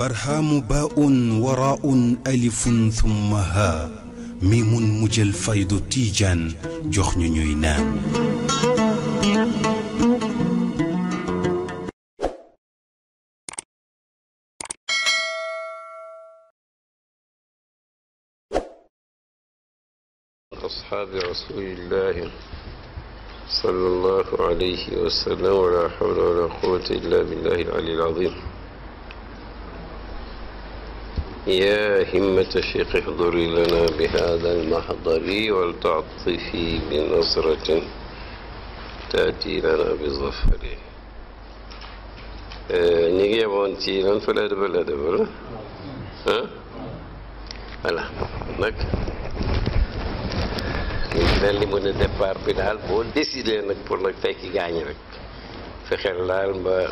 برهام باء وراء ألف ثم ها ميم مجل فيض تيجان جخن نينان أصحاب رسول الله صلى الله عليه وسلم ولا حول ولا قوة إلا بالله العلي العظيم يا همة الشيخ احضري لنا بهذا المحضر ولتعطفي بنصرة تأتي لنا بظفر آه، نيجي بون تيران فلا دبل دبل ها هلا نك اللي من الدبار بالحال بون ديسي لانك بور لك فاكي غاني لك فخلال ما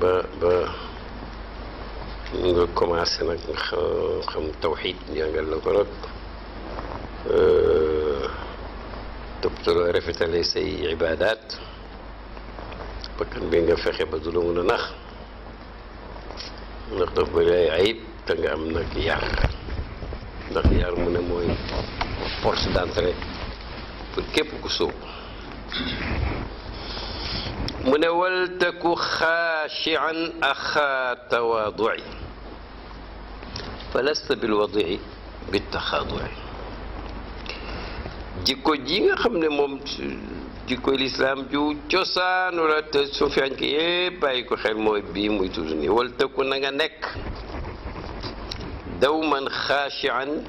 ب ب nga commencé nag xam tawxid jàngal la ko nag toppatoo rafetale say ibaadaat bakkan bi nga fexe ba du la mun a nax ndax daf bëri ay ayib te nga am nag yar ndax yar mu ne mooy force d'entrée pour képp ku sóob mu ne wal taku xaashian axaa tawaaduci فلست بالوضع بالتخاضع جيكو جيغا خامني موم جيكو الاسلام جو تشوسان ولا تسوفيان كي بايكو خير موي بي موي توزني ولتكون نغا نيك دوما خاشعا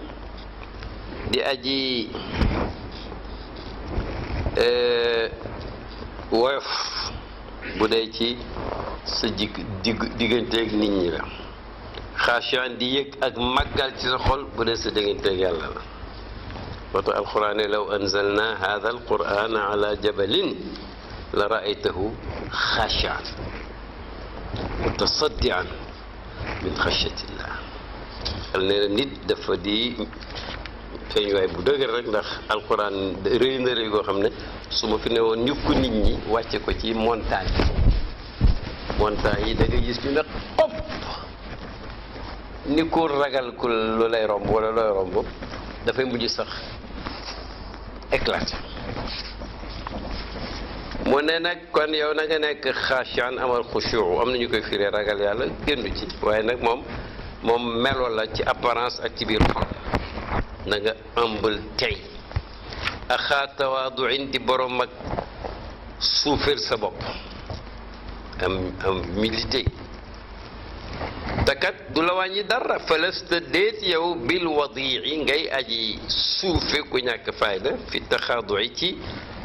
لاجي ا وف بوديتي سجيك ديغنتيك نيت ني xaasiyaan di yëg ak màggal ci sa xol bu dee sa dégganteeg yàlla la moo tax law anzalna hada alquran ala jabalin la raaytahu xaasiyaan mutasaddian min xashatillah xel ne nit dafa di feeñ bu dëgër rek ndax alquran rëy na rëy goo xam ne su ma fi ne woon ñukk nit ñi wàcce ko ci montagne montagne yi da gis ñu ne xob ni ko ragal ku lu lay romb wala looy romb dafay mujj sax éclaté mu ne nag kon yow na nga nekk xaashan amal xushuu am nañu koy firee ragal yàlla génn ci waaye nag moom moom melo la ci apparence ak ci biir xol na nga ëmbal tey axaa tawaaduin di borom ak suuféer sa bopp am am humilité te kat du la wàññi dara falasta déet yow bil wadii ngay aji suufe ku ñàkk fayda fi taxaadui ci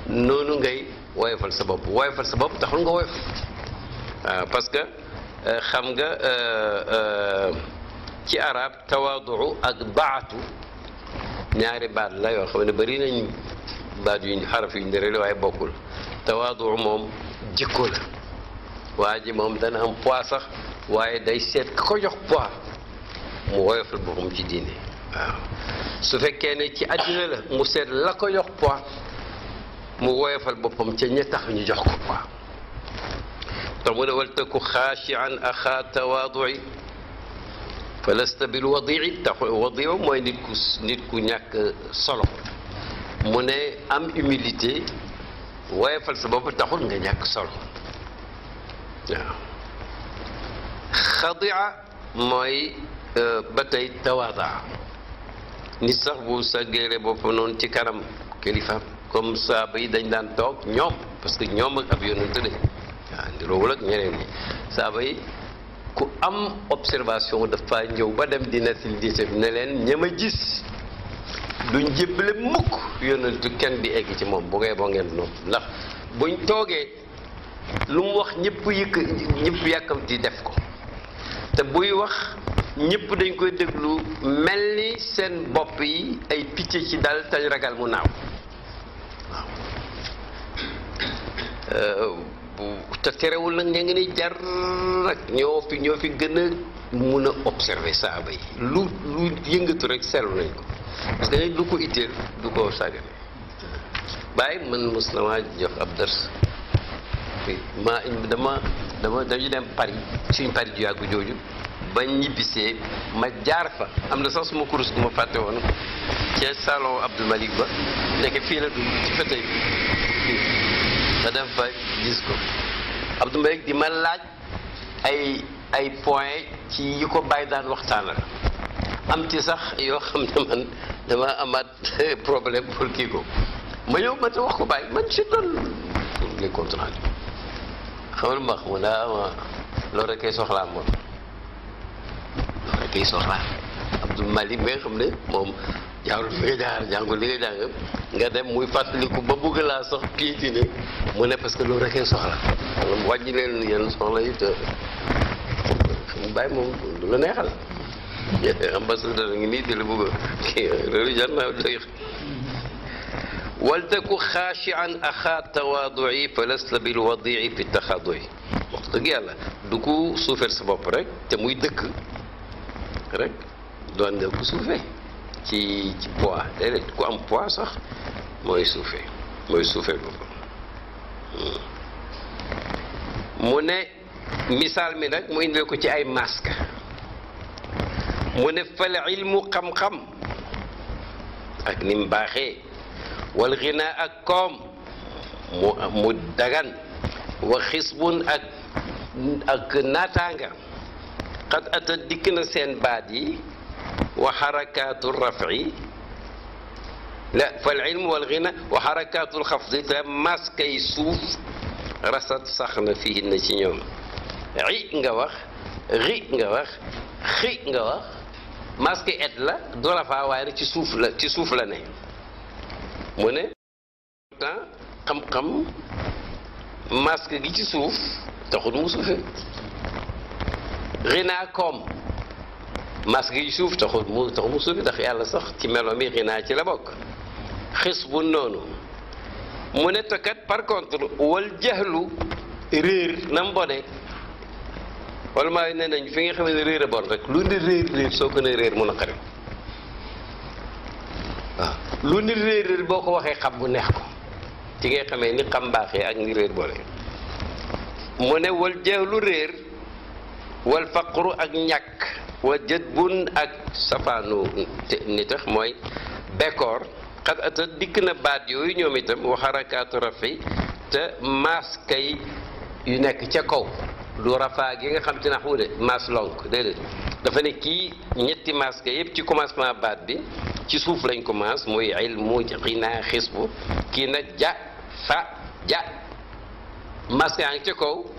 noonu ngay woyofal sa bopp woyofal sa bopp taxul nga woyof waaw parce que euh, xam nga euh, euh, ci arab tawaaduu ak ñaari baat la yoo xam ne bëri nañ baat yuñ xaraf yuñ dërële waaye bokkul tawaaduu moom jikko la waa moom dana am sax waaye day seet ka ko jox poids mu woyofal boppam ci diine waaw su fekkee ne ci àddina la mu seet la ko jox poids mu woyofal boppam ca ña tax ñu jox ko poids te mu ne wal taku xaashian axaa tawaadui fa bil wadii tax wadio mooy nit ku nit ku ñàkk solo mu ne am humilité woyofal sa bopp taxul nga ñàkk solo waaw xadia mooy euh, ba tey tawaada nit sax bu sàggeere boppam noonu ci kanam kilifa comme saaba yi dañ daan toog ñoom parce que ñoom ak ab yonent lañ waaw ndiroowul ak ñeneen ñi saaba yi ku am observation dafa ñëw ba dem di nettali ne leen ña ma gis duñ jébbale mukk yonentu kenn di egg ci moom bu ngay boo ngeen noonu ndax buñ toogee lu mu wax ñëpp yëkk ñëpp yàkkamti def ko te buy wax ñëpp dañ koy déglu mel ni seen bopp yi ay picc ci dal tañ ragal mu naaw waaw euh, te terewul nag ña ngi ni jar nag ñoo fi ñoo fi gën a mun a observer saaba yi lu lu yëngatu rek seetlu nañ ko parce que nit lu ko itteel du ko sàggane bàyyi man mos jox ab dërs dama dama dañu dem Paris suñ Paris ju yàggu jooju ba ñibbisee ma jaar fa am na sax suma kurus bu ma fàtte woon ca salon Abdou Malik ba nekk fii la dund ci fëtëy ma dem fa gis ko Abdou Malik di ma laaj ay ay point ci yi ko bàyyi daan waxtaanal am ci sax yoo xam ne man dama amaat problème pour kii ko ma yow ma wax ko bàyyi man si doon les contrats xawul mbax mu daa ama loolu rek kay soxlaa moom loolu rek kay soxlaa Abdou Malik xam ne moom jaarul fi nga jaar jàngul li nga jàng nga dem muy fàttaliku ba bëgg laa sox kii ne mu ne parce que loolu rek soxla maanaam wàññi leen yenn soxla yi te mu moom du la neexal ambassadeur ngi nii di la bëgg kii loolu jar naa doy ولتكو خاشعا اخا تواضعي فلست بالوضيع في التخاضع وقت قال دكو سوفر سبب رك تموي دك رك دوان دوكو سوفي تي تي بوا دكو ام بوا صح موي سوفي موي سوفي بوا موني مثال مي رك موي نوكو تي اي ماسك موني فالعلم قم قم اك نيم باخي والغناء كوم مدغن وخصب اك ناتانغا قد اتى ديكنا سين بادي وحركات الرفع لا فالعلم والغنى وحركات الخفض ماسك يسوف رصد سخن فيه النجيم عي نغوخ غي نغوخ خي نغوخ ماسك ادلا دولا فا واير تي سوف لا تي سوف لا نه mu ne temps xam-xam masque gi ci suuf taxul mu suufee rinaa koom masque gi suuf taxul mu taxul mu suufee ndax yàlla sax ci melo mi rinaa ci la bokk xis bu noonu mu ne tokat par contre wal jaxlu réer na mu bone wala maa ne nañ fi nga xam ne réer a bon rek lu ne réer soo ko ne réer mu naqari waaw lu nit réer réer boo ko waxee xam bu neex ko ci ngay xamee ni xam baaxee ak ni réer boole mu ne wal jeexlu réer wal faqru ak ñàkk wa jët bun ak safaanu ni mooy bekkoor xat dikk na baat yooyu ñoom itam waxarakaatu rafi te maaskay yu nekk ca kaw lu rafa gi nga xam ci nahwu de mas lonk déedéet dafa ne ki ñetti mas ga yeb ci commencement baat bi ci suuf lañ ko maas muy ilmu xinaa khisbu ki na ja fa ja mas ya ci ko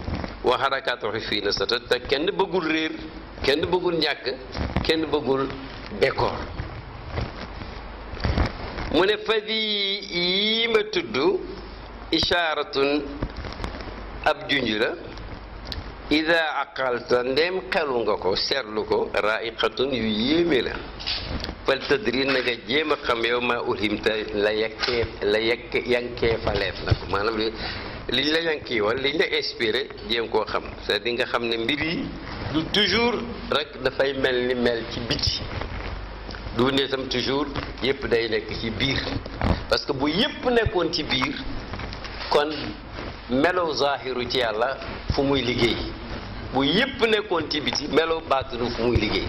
wa harakatu fi na sata kenn bëggul reer kenn bëggul ñak kenn bëggul décor mune fadi yi ma tudd ab ida aqalta ndem xelu nga ko seetlu ko raiqatun yu yéeme la fal tëddri na jéem a xam yow maa ulhimta la yakkee la yakke yankee faleet la ko maanaam liñ la yankii wal liñ la inspiré jéem koo xam cest à nga xam ne mbir yi du toujours rek dafay mel ni mel ci biti du ne toujours yépp day nekk ci biir parce que bu yépp nekkoon ci biir kon melow zaahiru ci yàlla fu muy liggéey bu yépp nekkoon ci biti melow baatinu fu muy liggéey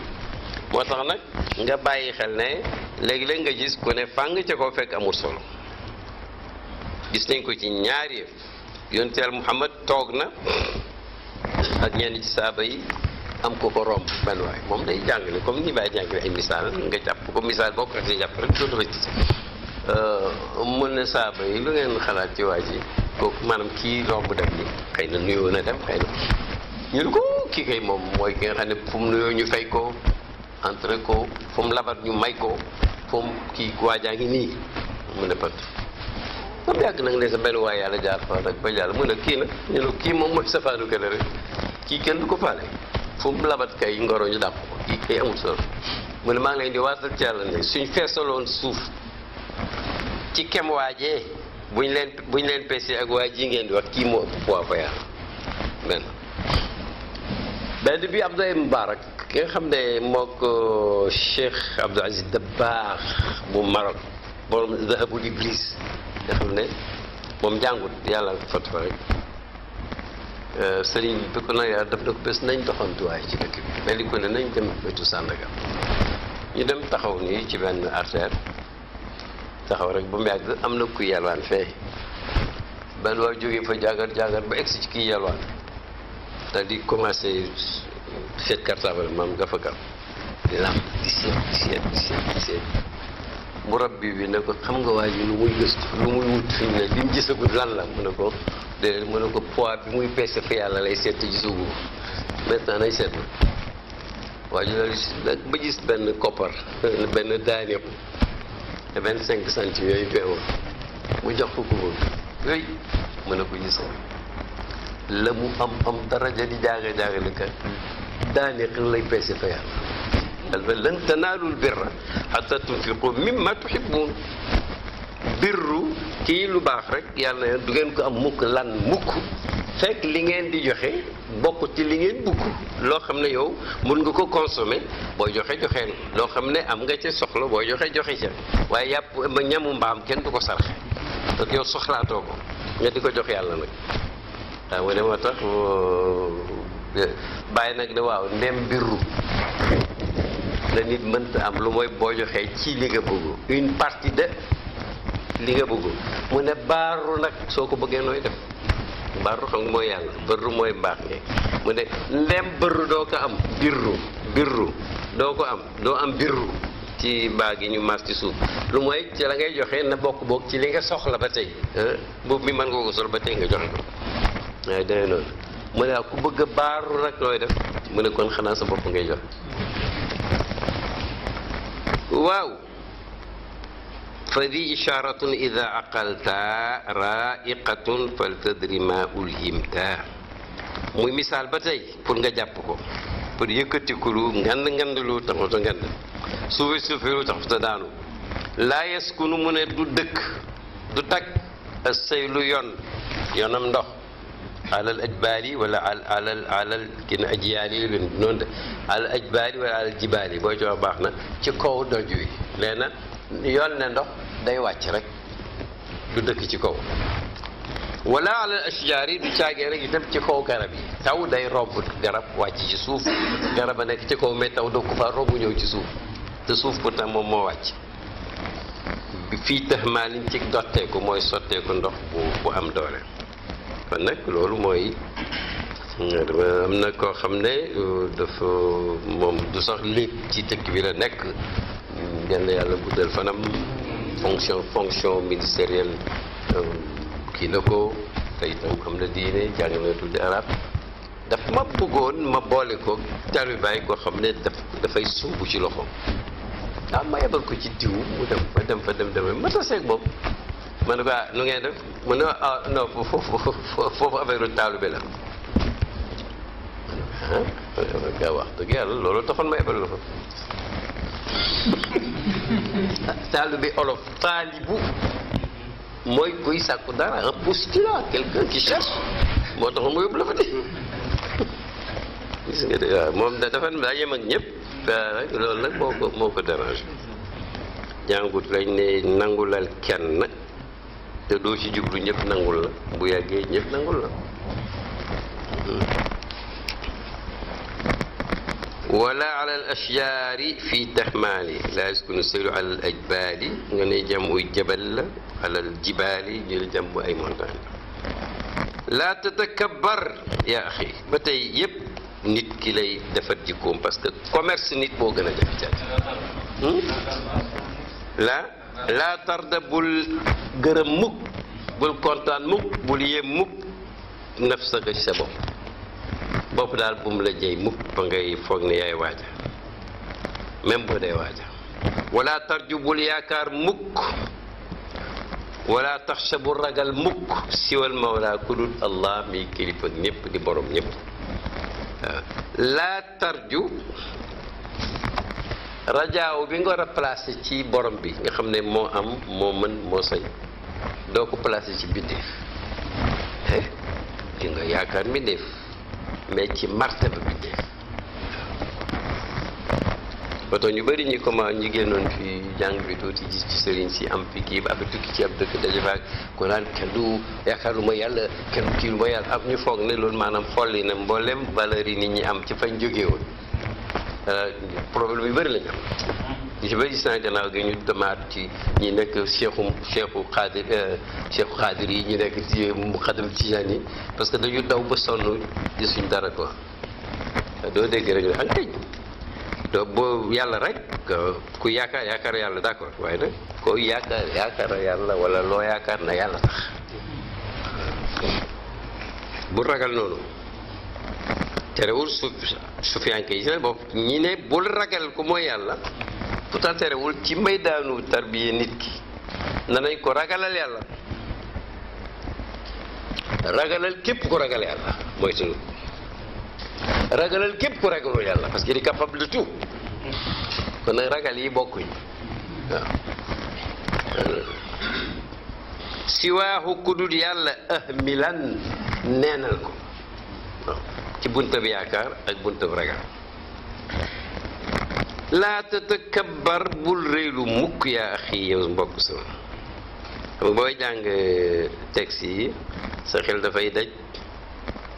moo tax nag nga bàyyi xel ne léegi-léeg nga gis ku ne fàng ca ko fekk amul solo gis nañ ko ci ñaari yëf yonteel Muhammad toog na ak ñenn ci saaba yi am ko ko romb benn waay moom day jàngale comme ni baay jàngale ay misaal nga jàpp ko misaal boo ko xasee jàpp rek dootu rëcc mun na saaba yi lu ngeen xalaat ci waa ji kooku maanaam kii romb dem ni xëy na nuyoo na dem xëy na ñu ne ko kii kay moom mooy ki nga xam ne fu mu nuyoo ñu fay ko entre ko fu mu labat ñu may ko fu mu kii waajaa ngi nii mu ne pat ba mu yàgg nag ne sa benn waay yàlla jaar fa rek ba yàlla mu ne kii nag ñu ne kii moom mooy safaanu kële rek kii kenn du ko faale fu mu labat kay ngoro ñu dàq ko kii kay amul solo mu ne maa ngi leen di waatal ci yàlla ne suñ feesaloon suuf ci kem waajee buñ leen buñ leen pesé ak waa ji ngeen di wax kii moo ëpp poids fa yàlla benn benn bi Abdoulaye Mbarak ki nga xam ne moo ko Cheikh Abdou Aziz Dabakh bu Maroc borom zahabul iblis nga xam ne moom jàngut yàlla fat fa rek euh, sëriñ bi ko na yaa daf na ko bés nañ doxantuwaay ci dëkk bi mel ni ko ne nañ dem wetu Sandaga ñu dem taxaw nii ci benn artère taxaw rek ba mu yàgg am na ku yelwaan fee benn waa jógee fa jàngat jàngat ba egsi ci kii yelwaan daal di commencé seet cartable maam nga fa gam di lamb di seet di seet di seet di seet mu bi ne ko xam nga waa lu muy gëstu lu muy wut fi mu mu gisagul lan la mu ne ko déedéet mu ne ko poids bi muy peese fa yàlla lay seet te gisagu maintenant nañ seetlu waa ji daal ba gis benn koppar benn daaneeku te vingt cinq centimes yooyu doyoon mu jox ko góor yooyu mu ne ko gisal la mu am am daraja di jaaga jaaga li kat daane xir lay peese fa yàlla lan tanaalul birra xata tunfiqu mimma tuhibbun birru kii lu baax rek yàlla du ngeen ko am mukk lan mukk fekk li ngeen di joxe bokk ci li ngeen bugg loo xam ne yow mun nga ko consommer booy joxe joxeel loo xam ne am nga ca soxla booy joxe joxe ca waaye yàpp ma ñamu mbaam kenn du ko sarxe donc yow soxlaatoo ko nga di ko jox yàlla nag waaw wane moo tax euh, waaw ndem birru nit mënta am lu mooy boo joxee ci li nga bëgg une partie de li nga bëgg mu ne baaru nag soo ko bëggee nooy def baaru xam nga mooy yàlla bërru mooy mbaax ne mu ne ndem bër doo ko am birru birru doo ko am doo am birru ci baa gi ñu mas ci suuf lu mooy ci la ngay joxe na bokk bokk ci li nga soxla ba tey boobu mi mën nga ko sol ba tey nga joxe ko waaye dana noonu mu ne ku bëgg a baaru nag looy def mu ne kon xanaa sa bopp ngay joxe waaw فذي إشارة إذا عقلت رائقة فلتدري ما ألهمت muy misaal ba tey pour nga jàpp ko pour yëkkati ku lu ngand ngand lu taxut a ngand suufi suufi lu taxut a daanu laa yaskunu mu ne du dëkk du tag say lu yoon yoonam ndox alal ajbaali wala al alal alal kin ajiyaali yi noonu de alal ajbaali wala alal jibaali boo ci wax baax na ci kaw doj wi nee na yoon ne ndox day wàcc rek du dëkk ci kaw wala ala ashjaar yi du caagee rek itam ci kaw garab yi taw day romb garab wàcc ci suuf garab a nekk ci kaw mais taw doo ko fa romb ñëw ci suuf te suuf pourtant moom moo wàcc fii tax maa liñ ci dotteeku mooy sotteeku ndox bu am doole kon nag loolu mooy am na koo xam ne euh, dafa moom du sax lépp ci dëkk bi la nekk yal na yàlla guddal fanam fonction fonction ministérielle euh, kii na ko te itam am na diine jàng na tuddi arab daf ma bëggoon ma boole ko taalibaay koo xam ne daf dafay sumb ci loxo ah ma yebal ko ci diw mu dem fa dem fa dem dem ma taseeg moom ma ne ko ah nu ngeen def mu ne ah non foofu foofu ah, wax dëgg yàlla loolu taxoon ma yebal la bi olof taalibu mooy kuy sàkku dara un postulat quelqu'un qui cherche moo tax mu yóbbu la fa de moom dafa daa yem ak ñëpp loolu nag moo ko moo jàngut lañ ne nangulal kenn nag te doo ci jublu ñépp nangul la bu yàggee ñëpp nangul la hmm. ولا على الأشجار في تحمال لا يسكن السيل على الأجبال من يجمع الجبل على الجبال يلجم أي مرضان لا تتكبر يا أخي بتي يب نيت كيلي دفر جيكوم باسكو كوميرس نيت بو غنا جاب جات لا لا ترد بول غرم موك بول كونتان موك بول يم موك نفسك الشباب bop dal bu mu la jey mu ba ngay foog ne yaay waja même boo day waja wala tarjubul yakar muk wala takhshabur ragal Muk, siwal mawla kulul allah mi kilifa ñëpp di borom ñëpp la laa tarju rajaaw bi nga war ci borom bi nga xam mo am mo man mo sañ doo ko placé ci ki nga mi def mais ci martaba bindéef ba tax ñu bari ñu comment ñi génnoon fi jàng bi tuuti gis ci sëriñ si am fi kii ba tukki ci ab dëkk daje fa ku naan kenn du yaakaaruma yàlla kenn kii lu ma yàlla am ñu foog ne loolu maanaam xolli na mboolem valeur yi nit ñi am ci fañ jógee woon euh, problème yu bëri lañ am li ci bëri gis naa gannaaw gi ñu demaat ci ñi nekk cheikhu cheikhu xaadir euh, cheikhu xaadir yi ñu nekk ci muqaddam tijaan yi parce que dañu daw ba sonn gisuñ dara ko doo dégg rek la ak tëj doo boo yàlla rek ku yaakaar yaakaar yàlla d'accord waaye nag koo yaakaar yaakaar yàlla wala loo yaakaar na yàlla tax bu ragal noonu terewul su sufiyanke yi si ne boo ne bul ragal ku mooy yàlla pourtant terewul ci may daanu tarbiye nit ki nanañ ko ragalal yàlla ragalal képp ko ragal yàlla mooy tunu ragalal képp ko ragalul yàlla parce que est capable tout kon ragal yi bokkuñ waaw siwaaxu kudul yàlla ahmilan neenal ko ci bunta yaakaar ak bunta ragal لا تتكبر بول ريلو موك يا اخي يا مبوك سو بوي جانغ تاكسي سخيل دا فاي داج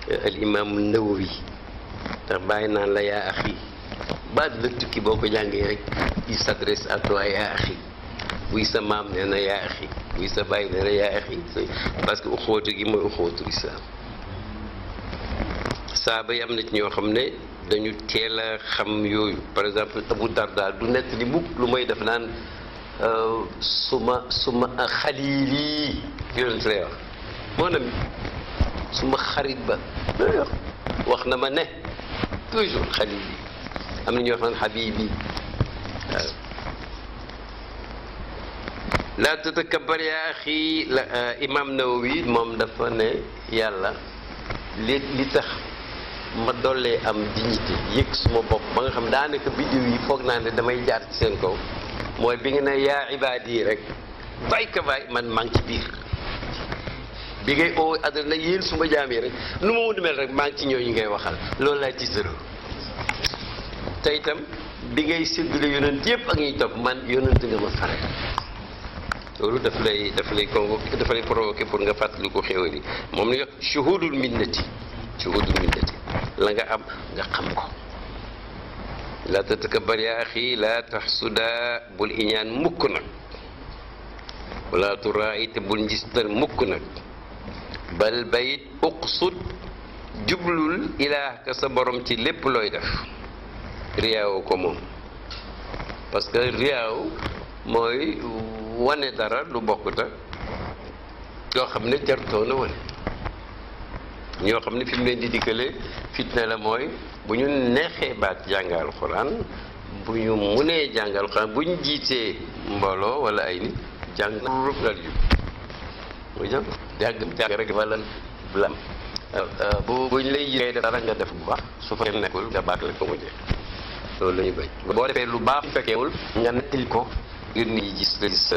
الامام النووي تا باينا لا يا اخي بعد لو تكي بوكو جانغي ريك دي سادريس ا تو يا اخي وي سا مام نانا يا اخي وي سا باي نانا يا اخي باسكو اخوتو جي مو اخوتو الاسلام صاحبي امنا نيو خامني dañu teel a xam yooyu par exemple Abu Darda du nett li mukk lu may def naan suma suma xalili yonent lay wax mon ami suma xarit ba wax na ma ne toujours xalili am na ñuy wax naan xabibi waaw laa tatakabar yaa axi la imam Nawawi moom dafa ne yàlla li li tax ma dollee am dignité yëg suma bopp ba nga xam daanaka biddiw yi foog naa ne damay jaar ci seen kaw mooy bi nga ne yaa ibaadi rek bay ka bay man maa ngi ci biir bi ngay oo adré na yéen suma jaam rek nu ma mën mel rek maa ngi ci ñooñu ngay waxal loolu laa ci sëroo te itam bi ngay séddale yonent yëpp ak ñuy topp man yonent nga ma fare loolu daf lay daf lay convoqué dafa lay provoqué pour nga fàttali ko xéwal yi moom la ñuy wax shuhudul minnati juhudul millati la nga am nga xam ko la tatakabar yaa axi laa taxsuda bul iñaan mukk nag wala turaa te bul njistal mukk nag bal bayit uqsud jublul ilaa ka sa borom ci lépp looy def riyaawoo ko moom parce que riyaaw mooy wane dara lu bokkut yoo xam ne jartoona wane ñoo xam ne fi mu leen di diggalee fitna la mooy bu ñu neexee baat jàng alxuraan bu ñu munee jàng alxuraan bu ñu jiitee mbooloo wala ay nit jàng rëb daal jub mu jàng jàng rek wala blam bu bu ñu lay yéegee dara nga def bu baax su fa nekkul nga baat la ko mu loolu la ñu bañ boo defee lu baax fekkeewul nga nettali ko ngir nit gis la gis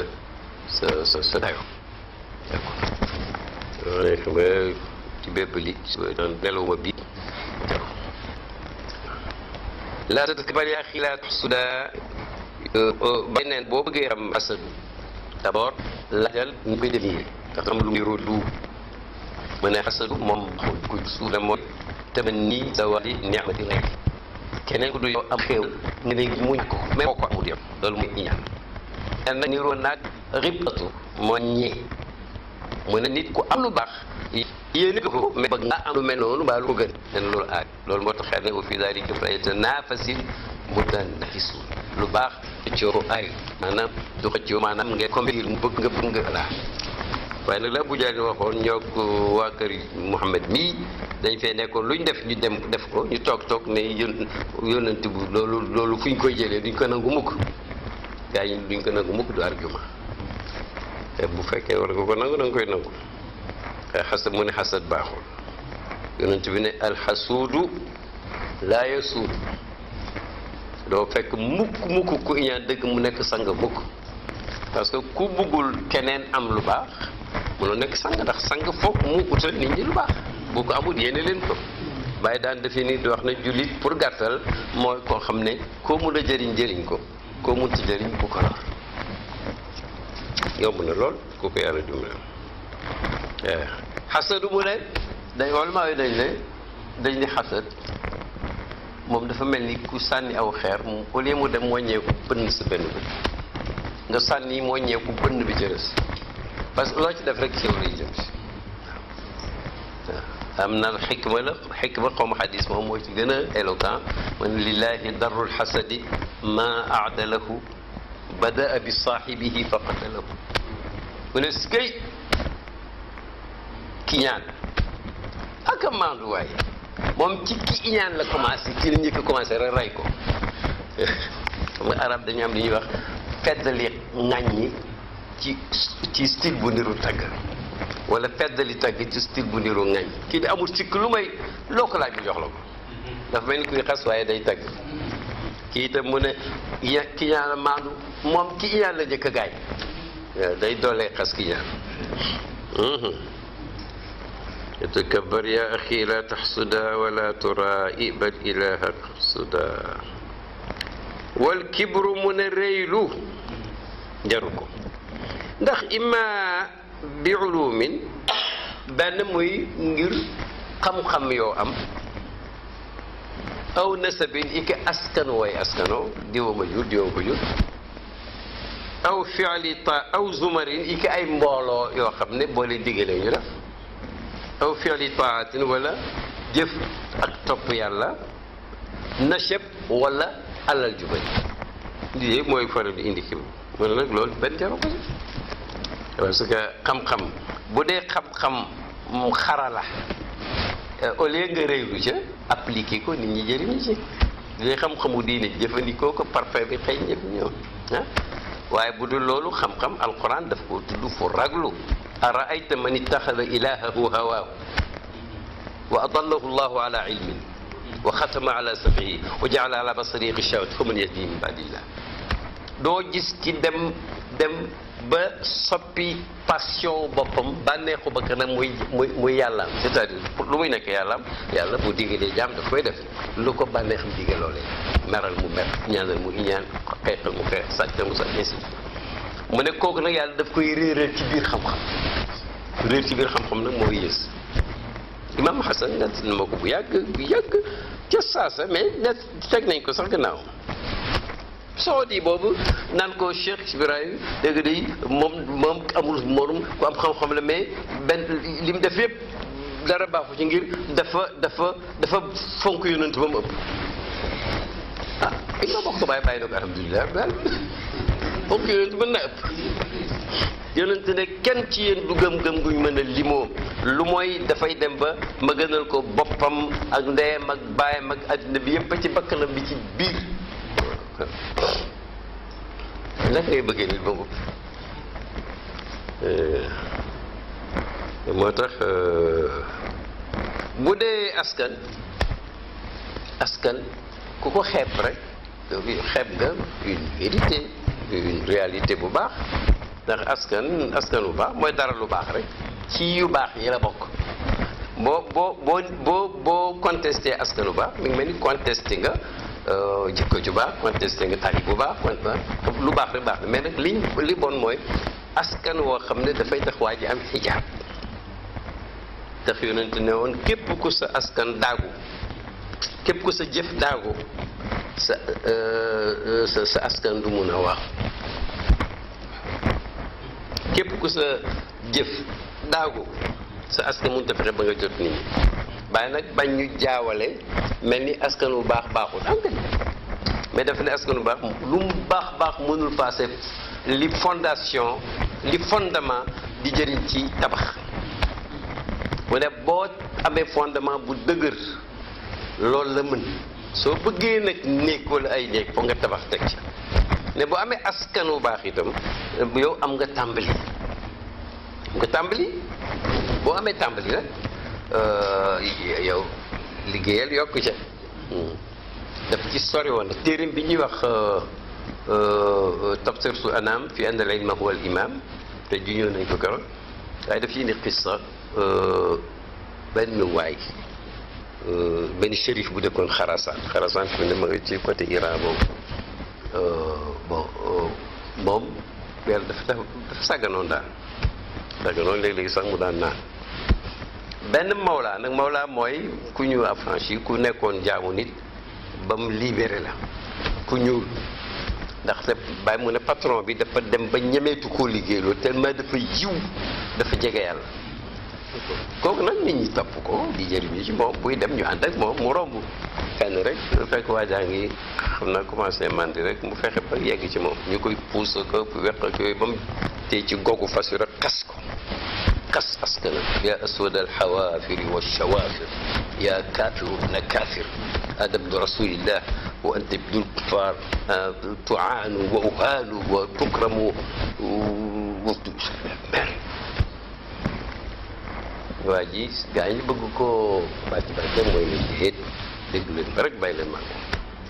sa sa sa dayoo d'accord ci bépp li nelawuma bi laa tëdd bari akhilat suda sudaa beneen boo bëggee xam asadu d'abord jël ñu koy définir ndax am lu niroo du mané ne asadu moom ko suuf la mooy taman nii zawali neexmati nekk keneen ku dul yow am xew ni ne muñ ko me ko ko amul lolu loolu mooy en ñaan nag niroo naag ribatu mo ñee mo ne nit ko am lu bax yéene ko mais bëgg nga am lu mel noonu mbaa lu ko gën ten loolu aaj loolu moo tax xel ne wa fi dalika falyatanafasil mutanafisun lu baax xëccoo ay maanaam du xëccoo maanaam ngeen compétir mu bëgg nga bëgg nga voilà waaye nag la bu jaari waxoon ñoo ko euh, waa kër Muhammad mii dañ fee nekkoon lu ñu def ñu dem def ko ñu toog toog ne yónnent bu loolu loolu fu ñu koy jëlee duñ ko nangu mukk gaa yi duñ ko nangu mukk du argument bu fekkee war nga ko nangu da xasad mu ne xasad baaxul yonent bi ne alxasuudu laa yasuud doo fekk mukk mukk ku iñaan dëgg mu nekk sang mukk parce que ku buggul keneen am lu baax mënoo nekk sang ndax sang foog mu utal nit ñi lu baax boo ko amul yéene leen ko waaye daan defe ni di wax ne jullit pour gàttal mooy koo xam ne koo mun a jëriñ jëriñ ko koo munti jëriñ bu ko lor yomb na lool ku ko yàlla dimbali eh. حسد بونه داي علماء داي لي داي دي حسد موم دا فا ملني كو ساني او خير موم اولي مو دم وني كو بن سبن بن دا ساني مو ني كو بن بي جيرس بس لو تي داف رك سيو لي جيرس امنا الحكمه لا حكمه قوم حديث موم موي تي غنا ايلوكان من لله در الحسد ما اعدله بدا بصاحبه فقتله ونسكيت iñaan ak a maandu waaye moom ci ki iñaan la commencé ci la commencé rek ko xam nga arab dañu am li ñuy wax feddali ŋàññi ci ci style bu niru tagg wala feddali tagg ci style bu niru ŋàññ kii di amul sikk lu may loo ko laaj mu jox la ko dafa mel ni kuy xas waaye day tagg kii itam mu ne ki ñaan a maandu moom ki iñaan la njëkk a gaañ day doolee xas ki ñaan mhm. يتكبر يا أخي لا تحصدا ولا ترائي بل إلها حصدا والكبر من الريل جركم ndax imma bi ulumin benn muy ngir xam-xam yoo am aw nasabin i ka askan way askano diwa ma jur diwa ma jur aw fi'li ta aw zumarin i ka ay mbooloo yoo xam ne boo leen digalee ñu def aw fi'li taatin wala jëf ak topp yàlla nacheb wala alal ju bëri mooy faral di indi kii mu ne nag loolu benn jaru ko parce que xam-xam bu dee xam-xam mu xarala euh, au lieu nga réylu ca appliqué ko nit ñi jëriñu ci dinañ xam-xamu diine jëfandikoo ko parfait bi xëy ñëpp ñëw ah. waaye bu dul loolu xam-xam alquran daf ko tudd fu raglu أرأيت من اتخذ إلهه هواه وأضله الله على علم وختم على سمعه وجعل على بصره غشاوة فمن يهدي من بعد الله دو جيس كي دم دم با سوبي باسيون بوبم با نيهو با كانا موي موي يالا سي تادير لوموي نيك يالا يالا بو ديغي جام دا كوي ديف لوكو با نيهم ديغي لولي مرال مو مير نيانال مو نيان خيتو مو خيت ساتيو مو ساتيو mu ne kooku nag yàlla daf koy réer ci biir xam-xam réer ci biir xam-xam nag moo yées imaam Xasan nett na ma ko bu yàgg bu yàgg ca saasa mais nett teg nañ ko sax gannaaw soxot yi boobu naan ko Cheikh Ibrahim dégg day moom moom amul morom ku am xam-xam la mais benn li mu def yëpp dara baaxu ci ngir dafa dafa dafa fonk yonent ba mu ëpp ah ñoo bokk baay bàyyi na ko alhamdulilah daal bokk yonent mën naa ëpp yonent ne kenn ci yéen du gëm-gëm guñ mën a limoo lu mooy dafay dem ba ma gënal ko boppam ak ndeyam ak baayam ak àddina bi yëpp ci bakkanam bi ci biir naka ngay bëggee eh, nit ba mu moo tax eh, bu dee askan askan ku ko xeeb rek xeeb nga une vérité une réalité bu baax ndax askan askan bu baax mooy dara lu baax rek ci yu baax yi la bokk boo boo boo boo boo contesté askan bu baax mi ngi mel ni contesté nga euh, jikko ju baax contesté nga tari bu baax lu baax rek baax na mais nag liñ li bon mooy askan woo xam ne dafay tax waa ji am xijaab tax yonente ne woon képp ku sa askan daagu képp ko sa jëf daagu sa euh, euh, sa sa askan du mun a wax képp ku sa jëf daagu sa askan mun fexe ba nga jot nit ñi waaye nag bañ ñu jaawale mel ni askan wu baax baaxul am mais dafa ne askan wu baax lu mu baax baax mënul passé li fondation li fondement di jëriñ ci tabax wala boo amee fondement bu dëgër loolu la mën soo bëggee nag néeg wala ay néeg foog nga tabax teg ca ne bu amee askan wu baax itam yow am nga tàmbali nga tàmbali boo amee tàmbali nag euh, yow liggéeyal yokku ca hmm. daf ci sori woon téerim bi ñuy wax euh, euh, tabsirtu anaam fi ànd al-ilma huwa al-imam te ju ñëw nañ ko keroog waaye daf ci indi xissa benn waay Euh, benn shérif bu dëkkoon Xarasaan Xarasaan fi ne ma ngi ci côté Iran boobu euh, bon euh, moom yàlla dafa sàgganoon daal sàgganoon léeg-léegi sax mu daan naan benn mawlaa nag mawlaa mooy ku ñu affranchi ku nekkoon jaamu nit ba mu libéré la ku ñuul ndaxte bàyyi mu ne patron bi dafa dem ba ñemeetu koo liggéeyloo tellement dafa jiw dafa jege yàlla kooku nag nit ñi topp ko di jëriñu ci moom buy dem ñu ànd ak moom mu romb fenn rek su fekk waajaa ngi xam naa commencé mandi rek mu fexe ba yegg ci moom ñu koy puus ak weq ak yooyu ba mu tee ci googu fas wi rek xas ko xas askana yaa aswad alxawaafiri wa shawaafir yaa kaafiru ibna kaafir adabdu rasulillah wa anta bidul kufaar tuaanu wa uhaanu wa tukramu wasdu waa ji gaa yi bëgg koo bàcc barke mooy ne dégg leen ba rek bàyyi leen ma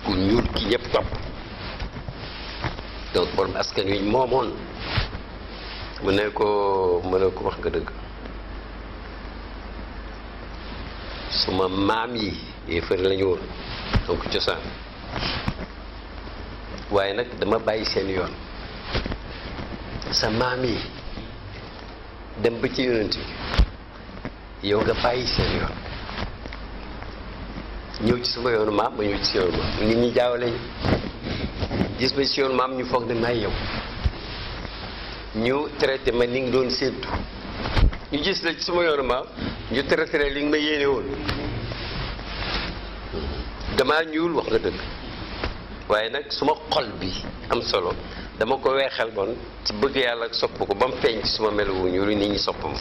ku ñuul ki ñëpp topp donc borom askan wi moomoon mu ne ko mu ne ko wax nga dëgg suma maam yi yéefar la ñu woon donc cosaan waaye nag dama bàyyi seen yoon sa maam yi dem ba ci yonent bi yow nga bàyyi seen yoon ñëw ci suma yoonu maam ma ñëw ci yoonu maam nit ñi jaawale gis ma ci yoonu maam ñu foog ne may yow ñu traité ma ni nga doon séentu ñu gis la ci sama yoonu maam ñu traité li nga ma yéene woon ñuul wax nga dëgg waaye nag suma xol bi am solo dama ko weexal woon ci bëgg yàlla ak sopp ko ba mu feeñ ci suma melu wu ñuul nit ñi sopp ma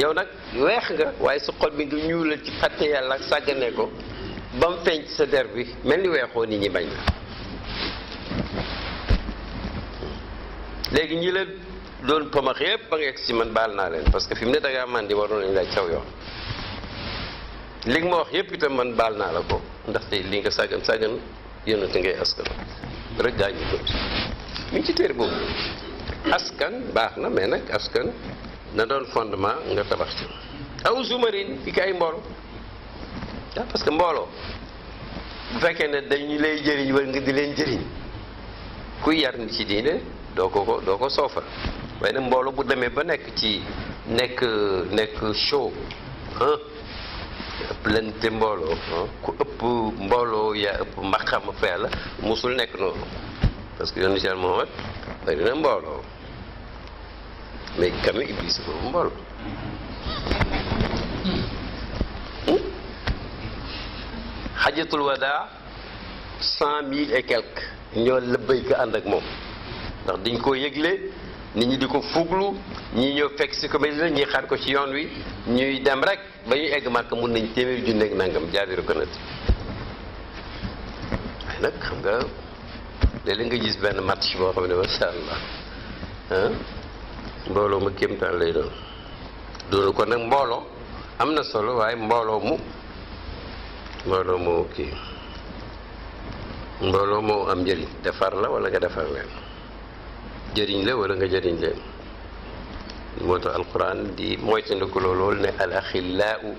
yow nag weex nga waaye su xol bi nga ñuulal ci fàtte yàlla ak sàgganee ko ba mu feeñ sa der bi mel ni weexoo nit ñi bañ na léegi ñi la doon pamax yépp ba nga egg si man baal naa leen parce que fi mu ne dangaa man di waroon lañ laaj caw yoon li ma wax yépp itam man baal naa la ko ndaxte li nga sàggan sàggan yónnate ngay askan rek gaa ñu ko mi ci téere boobu askan baax na mais nag askan na doon fondement nga tabax ci aw sous-marine ci kay mbooloo ah parce que mbooloo bu fekkee ne dañu lay jëriñ war nga di leen jëriñ kuy yar ni ci diine doo ko ko doo ko soofa waaye nag mbooloo bu demee ba nekk ci nekk nekk show ah plante mbooloo ku ëpp mbooloo yaa ëpp maqama fa yàlla musul nekk noonu parce que yoonu Cheikh Mohamad bari na mbooloo mais quand même Iblis boobu mbool xajatul wadaa cent mille et quelques ñoo lëbbay ko ànd ak moom ndax dañ koo yëgle nit ñi di ko fuglu ñi ñëw fekk si ko Medina ñii xaar ko ci yoon wi ñuy dem rek ba ñuy egg Màkka mun nañ téeméer junne ak nangam jaabiro ko nat waaye nag xam nga léeg nga gis benn match boo xam ne masha Allah mbooloo ma kéemtaan lay doon doonu kon nag mbooloo am na solo waaye mbooloo mu mbooloo moo kii mbooloo moo am njëriñ defar la wala nga defar leen jëriñ la wala nga jëriñ leen moo tax alquran di moytandikuloo loolu ne al axillaau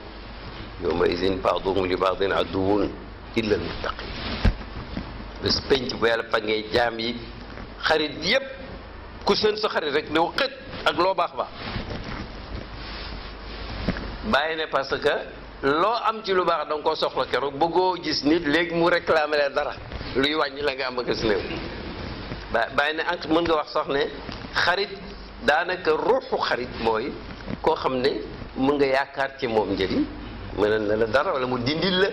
yawma izin baaduhum li baadin aduwun illa al muttaqin bés penc bu yàlla pangee jaam yi xarit yépp ku seen sa xarit rek ne xët ak loo baax baax bàyyi ne parce que loo am ci lu baax danga ko soxla keroog bëggoo gis nit léegi mu réclamer la dara luy wàññi la nga am ak si néew bàyyi ne ak mën nga wax sax ne xarit daanaka ruuxu xarit mooy koo xam ne mën nga yaakaar ci moom njëriñ mën na la dara wala mu dindil la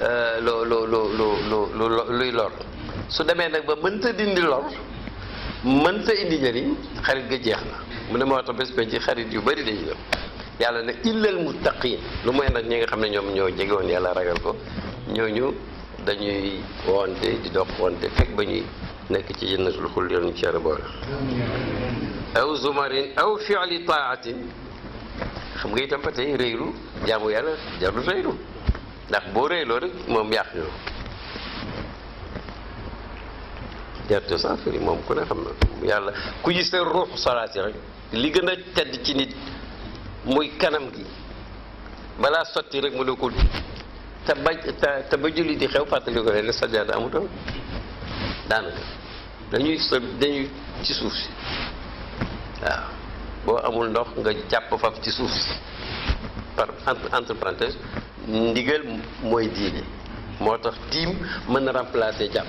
euh, loo loo lu loo luy lor su demee nag ba mënta dindi lor mën ta indi njëriñ xarit ga jeex na mu ne moo tax bés ba ci xarit yu bari dañu dem yàlla ne illal muttaqin lu mooy nag ñi nga xam ne ñoom ñoo jege woon yàlla ragal ko ñu dañuy wonte di dox wonte fekk ba ñuy nekk ci jannatul xul yoon ci yàlla boole aw zumarin aw fi'li taatin xam nga itam ba tey réylu jaamu yàlla jarul réylu ndax boo réyloo rek moom yàq ñoo jarte sax firi moom ku ne xam na yàlla ku gis seen ruuxu salaat yi rek li gën a tedd ci nit muy kanam gi balaa sotti rek mu ne ko te ba di xew fàttali ko leen ne sajjaada amutoon daanaka dañuy so dañuy ci suuf si waaw boo amul ndox nga jàpp faf ci suuf si par entre parenthèse ndigal mooy diine moo tax tiim mën na remplacer jàpp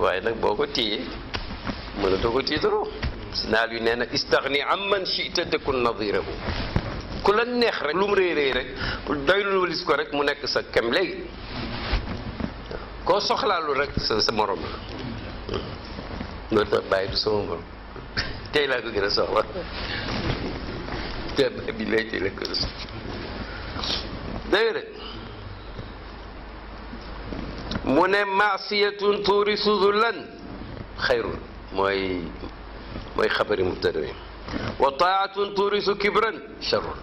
waaye nag boo ko téyee mënatoo ko tiitaroo naal yu nee na istaxni am man chita tekun nadirahu ku la neex rek lu mu réeréy rek doy lu walis ko rek mu nekk sa kem léegi koo soxlaalu rek sa sa morom la loolu tax bàyyi du sama morom tey laa ko gën a soxla tey bi lay tey la ko gën a soxla dëgg rek mu ne maasiyatun tuurisu zullan xayrun mooy mooy xabari mubtada bi wa taatun tuurisu kibran charrun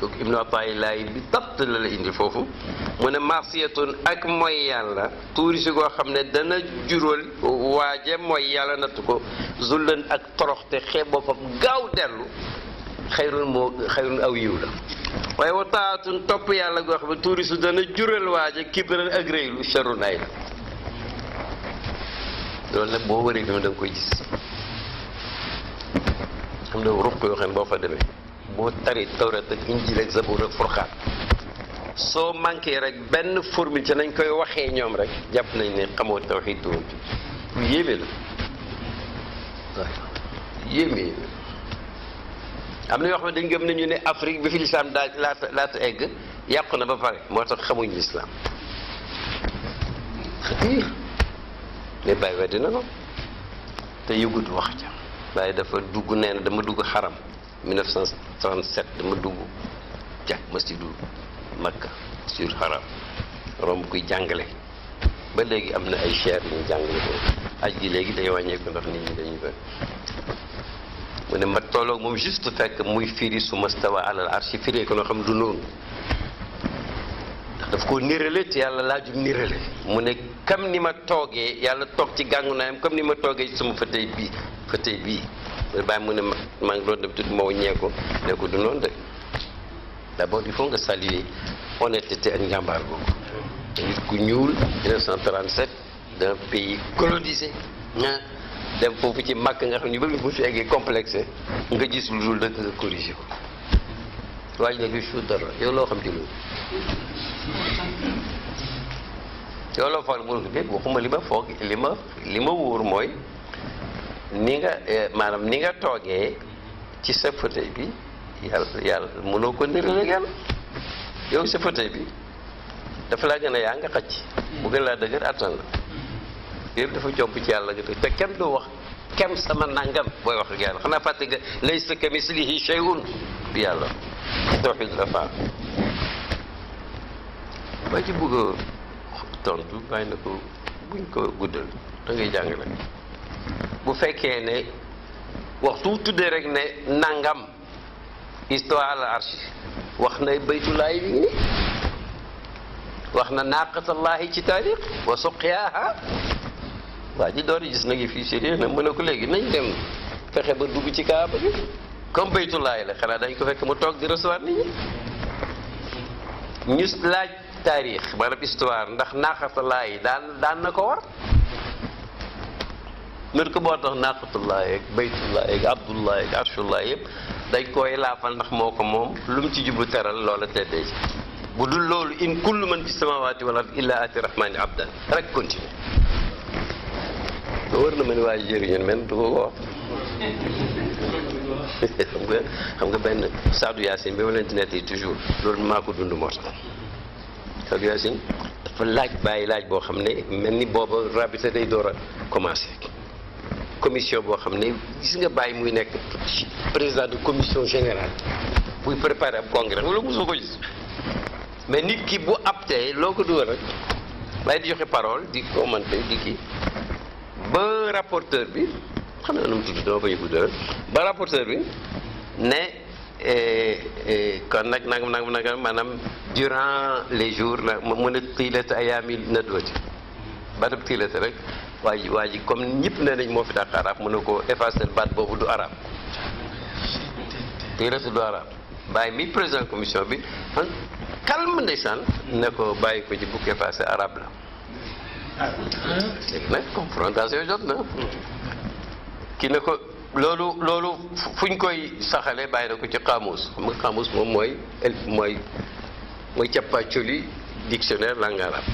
kooku ibnu ataillahi bi dapt la la indi foofu mu ne maasiyatun ak mooy yàlla tuurisu goo xam ne dana jural waaje mooy yàlla nattu ko zullan ak toroxte xeeb boppam gaaw dellu xayrun moo xayrun aw yiw la waaye wa taatun topp yàlla goo xam ne tuurisu dana jural waaja kibran ak réylu sharrun ay la loolu nag boo waree gëm da nga koy gis xam ne ruq yoo xam boo fa demee boo tari tawrat ak injil ak zabur ak furqaan soo manqué rek benn formule ci nañ koy waxee ñoom rek jàpp nañ ne xamoo tawxiid doon lu yéeme la yéeme yéeme am na yoo xam ne dañ gëm nañu ne Afrique bi fi lislaam daal laata laata egg yàqu na ba pare moo tax xamuñ lislaam mais bàyyi weddi na ko te yëgut wax ja waaye dafa dugg nee na dama dugg xaram 1937 dama dugg jàkk masjidul makka sur xaram romb kuy jàngale ba léegi am na ay chaire ñu jàngale ko aj gi léegi day wàññeeku ndax nit ñi dañuy bëri mu ne ma tolloog moom juste fekk muy firi su mastawa alal arshi firi ko loo xam du noonu ndax daf ko nirale te yàlla laajum nirale mu ne kam ni ma toogee yàlla toog ci gàngu naayam comme ni ma toogee suma fëtëy bii fëtëy bii mu ne bàyyi mu ne maa ngi doon dem tudd ma ñee ko ne ko du noonu de d'abord il faut nga saluer honnêteté ak njàmbaar googu nit ku ñuul 1937 d'un pays dem foofu ci màkk nga xam ñu bëgg bu fi eggee complexe nga gis lu dul dëkk nga corrigé ko waaye ne du su dara yow loo xam ci loolu yow loo foog mënu ko dégg waxuma li ma foog li ma li ma wóor mooy ni nga eh, maanaam ni nga toogee ci sa fauteuil bi yàlla yàlla mënoo ko ndëral ak yàlla yow sa fauteuil bi dafa laa gën a yaa nga xacc bu gën laa dëgër attan la yëpp dafa jomb ci yàlla nga te kenn du wax kem sama nangam booy wax ak yàlla xanaa fàtte nga laysa kamislihi shay'un bi yàlla tawxid la fa ba ci bëgg a tontu bàyyi na ko buñ ko guddal da ngay jàngale bu fekkee ne waxtu tuddee rek ne nangam histoire al arshi wax na baytulaay bi ni wax na naaqatallahi ci taarix wa suqyaaha waji doori gis na yi fi sérieux na mu ne ko léegi nañ dem fexe ba dugg ci kaaba bi comme baytulaay la xanaa dañ ko fekk mu toog di recevoir nit ñi ñu laaj taarix maanaam histoire ndax naaxatulaay daan daan na ko war mën ko boo tax naaqatullaay ak baytullaay ak abdullaay ak arsullaay yëpp dañ koy laafal ndax moo ko moom lu mu ci jublu teral loola teddee ci bu dul loolu in kullu man fi samawaati wal ard illa ati rahmani abdan rek continue wër na ma ni waaye jëriñu men du ko wax xam nga benn Sadou Yacine di nettali loolu maa ko dund moo tax Sadou Yacine dafa laaj bàyyi laaj boo xam ne mel ni booba rabita day door a commencé commission boo xam ne gis nga bàyyi muy nekk président de commission générale buy préparer ab congrès wala mosoo ko mais nit ki bu aptee loo ko dugal rek waaye di joxe parool di commenter di kii ba rapporteur bi xam na nu mu tudd dama bañ a guddal ba rapporteur bi ne eh, eh, kon nag nangam nangam nangam maanaam durant les jours nag mu ne tiilata ayaami na dooti ba dab tiilata rek waa ji waa ji comme ñëpp ne nañ moo fi dàq arab mu ne ko effacer baat boobu du arab tiilata du arab bàyyi mi président commission bi ah, calme ndeysaan ne ko bàyyi ko ci bukk effacé arab la léegi ah. nag confrontation loolu loolu fuñ koy saxale bàyyi na ko ci xaamuus moom mooy mooy mooy càppaacoli dictionnaire langue arabe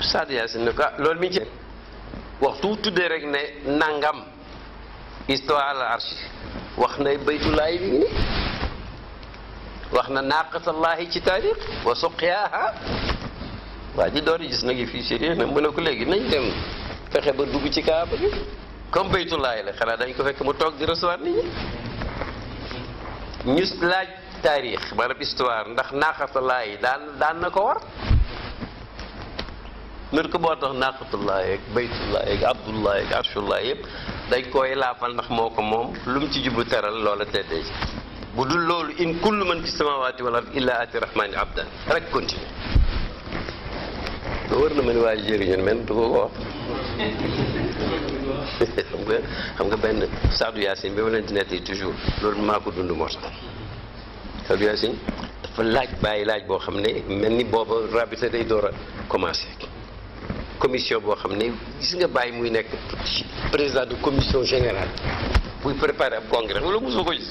Sadio mi ci waxtu tudde rek ne nangam histoire la archi wax na baytulaay bi واحنا ناقص الله في تاريخ وسقياها وادي دوري جسنا في سيريا نمبنا كل لغي نجم فخي بردو بيتي كابا كم بيت الله إلا خلا دانكو فخي متوق دي رسوان نجي نيس لا تاريخ مانا بيستوار ندخ ناقص الله دان دان نكوار نرك بوات ناقص الله بيت الله عبد الله عرش الله دانكو إلا فالنخ موكم موم لم تجيبو ترال لولا تدي bu dul loolu in kullu man fi samawati wal ard illa ati rahmani abdan rek continue wër na ma ni waa jëriñu men du xam nga benn Saadu Yaasin di nettali loolu maa ko dund moo tax Saadu Yaasin dafa laaj bàyyi laaj boo xam ne mel ni booba rabita day door a commencé commission boo xam ne gis nga bàyyi muy nekk président de commission générale buy préparer ab congrès wala mosoo ko gis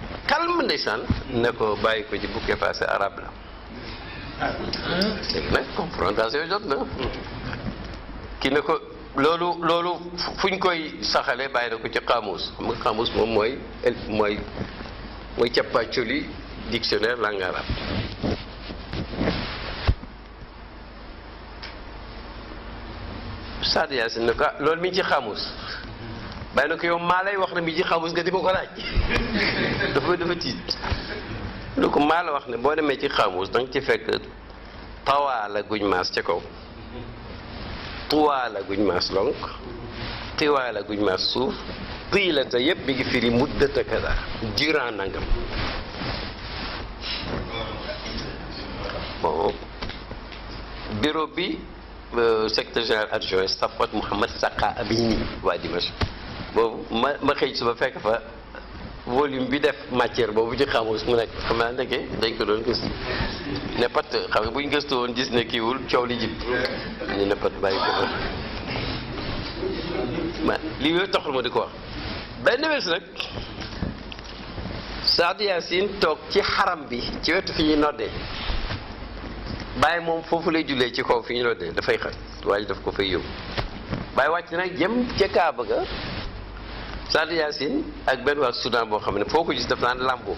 calme ndeysaan ne ko bàyyi ko ci bukkee passé arabe la léegi ah. nag confrontation jot na ki ne ko loolu loolu fuñ koy saxalee bàyyi na ko ci xaamuus xam nga moom mooy mooy mooy càppaacoli dictionnaire langue arabe Sadio Yacine ne ko ah, loolu mi ci xaamuus bàyyi na ko yow maa lay wax ne mi ji xamus nga di ma ko laaj dafa dafa tiit lu ko maa la wax ne boo demee ci xamus danga ci fekk tawaala guñ maas ca kaw tuwaala guñ maas lonk tiwaala suuf tiilata yépp mi ngi firi muddata kada durant nangam bon bureau bi euh, secrétaire général adjoint Safwat Saqa Abini waa Dimash boobu ma ma xëy suba fekk fa volume bi def matière boobu ci xamus mu nekk xam naa ndeke dañ ko doon gëstu ne xam nga bu ñu gëstu woon gis ne kiiwul coow li jib ñu ne pat bàyyi ko ma lii yooyu taxul ma di ko wax benn bés nag Saad Yaasin toog ci xaram bi ci wetu fi ñuy noddee bàyyi moom foofu lay jullee ci kaw fi ñu noddee dafay xat waaye daf ko fay yóbbu bàyyi wàcc nag jëm ca Kaaba ga Saad Yaasin ak benn waa Soudan boo xam ne foo ko gis daf naan làmbo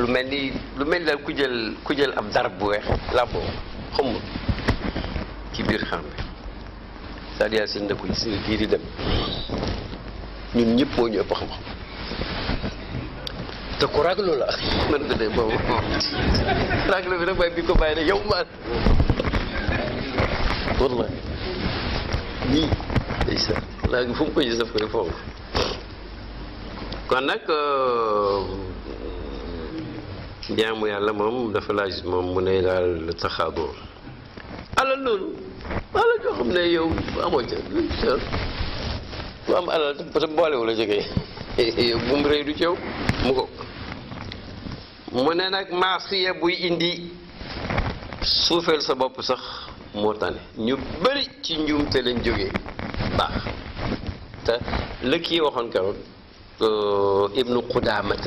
lu mel ni lu mel ni daal ku jël ku jël ab darab bu weex làmbo xumb ci biir xam bi Saad Yaasin ne ko gis nga kii di dem ñun ñëpp moo ñu ëpp xam-xam te ku raglu la man de de boobu raglu ko bàyyi ne yow maan wallahi nii day sa laa fu mu ko gis daf koy foofu kon nag euh, jaamu yàlla moom dafa laaj moom mu ne daal taxaaboo alal noonu alal joo xam ne yow amoo am alal te boolewu la jógee bu mu rëy du cew mu ko mu ne nag maasiya buy indi suufeel sa bopp sax moo tane ñu bëri ci njuumte lañ jóge baax te lëkk yi waxoon karoon ابن قدامة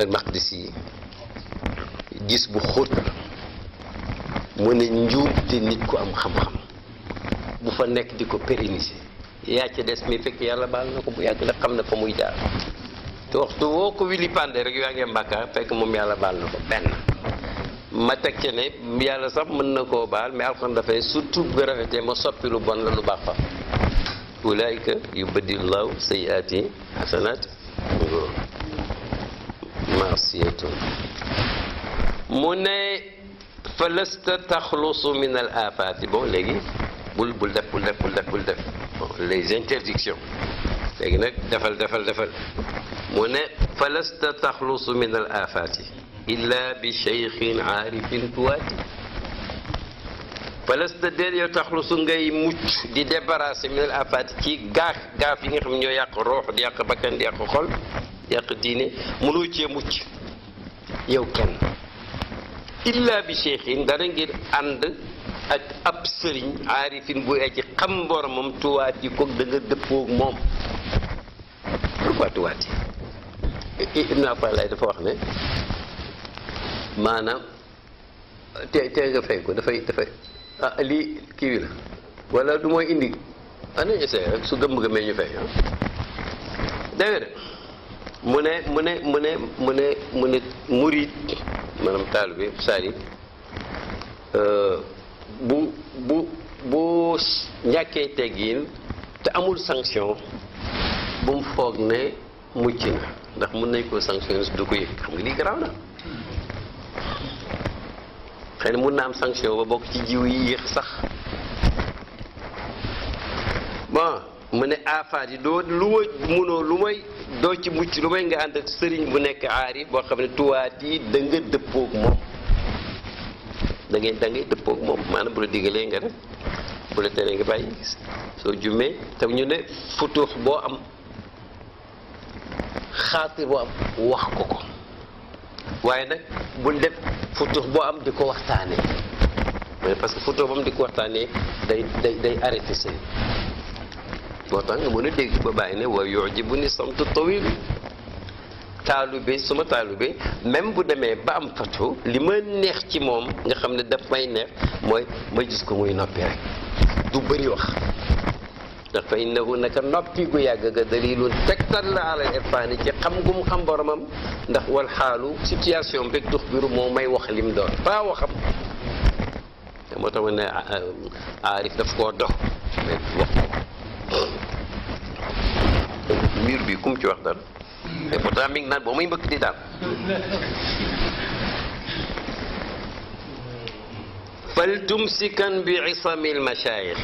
المقدسي gis bu xóot ya, mu ya ne njuub di nit ku am xam-xam bu fa nekk di ko pérenniser yaa ca des mais fekk yàlla baal na ko bu yàgg nag xam na fa muy jaar te waxtu woo wili pande rek sax mën nako bal mais surtout bu mo soppi bon la lu أولئك يبدل الله سيئاته حسنات معصية من فلست تخلص من الآفات بون لغي بول بول دك بول دك بول دك بول دك les interdictions لغي نك دفل دفل دفل من فلست تخلص من الآفات إلا بشيخ عارف تواتي palasta déet yow taxlusu ngay mucc di débarrassé minal afaati ci gaaf gaaf yi nga xam ñoo yàq roox di yàq bakkan di yàq xol yàq diine mënoo cee mucc yow kenn illa bi cheikhin dana ngeen ànd ak ab sëriñ aarifin bu aji xam boromam tuwaat yi koog da nga dëppoog moom pourquoi tuwaat yi Ibn Affan lay dafa wax ne maanaam te te nga fay ko dafay dafay ah lii kii bi la wala du mooy indi ana essayé rek su gëm gëmee ñu fay dégg mune de mu ne mu murid maanaam taalibe sari eh, bu bu bu ñàkkee teggiin te amul sanction bu mu foog ne mucc ndax mun nañ koo sanctionné du ko yëg xam nga li garaaw na xëy na mun na am sanction ba bokk ci jiw yi yéex sax bon mu ne aafaat yi doo lu ma munoo lu may doo ci mucc lu may nga ànd ak sëriñ bu nekk aarif boo xam ne tuwaat yi da nga dëppoog moom da ngay da ngay dëppoog moom maanaam bu la digalee nga def bu la teree nga bàyyi soo jummee tam ñu ne futuux boo am xaatir boo am wax ko ko waaye nag bul def futux boo am di ko waxtaane mais parce que futux boo am di ko waxtaanee day day day arrêté seen boo tax nga mën a dégg ba bàyyi ne wa yujibu ni bi su ma suma bi même bu demee ba am fatu li ma neex ci moom nga xam ne daf may neex mooy ma gis ko muy noppi rek du bëri wax فإنه نك نبتي جو يعجج دليل تكتر على الإرفان كي خم قم خم برمم ده والحالو سيتياسيون بيك تخبرو مومي وخليم دور فا وخم متوانا عارف دفكور ده مير بيكم كي وقدر فترامين نان بومي بكتي دار فلتمسكن بعصم المشايخ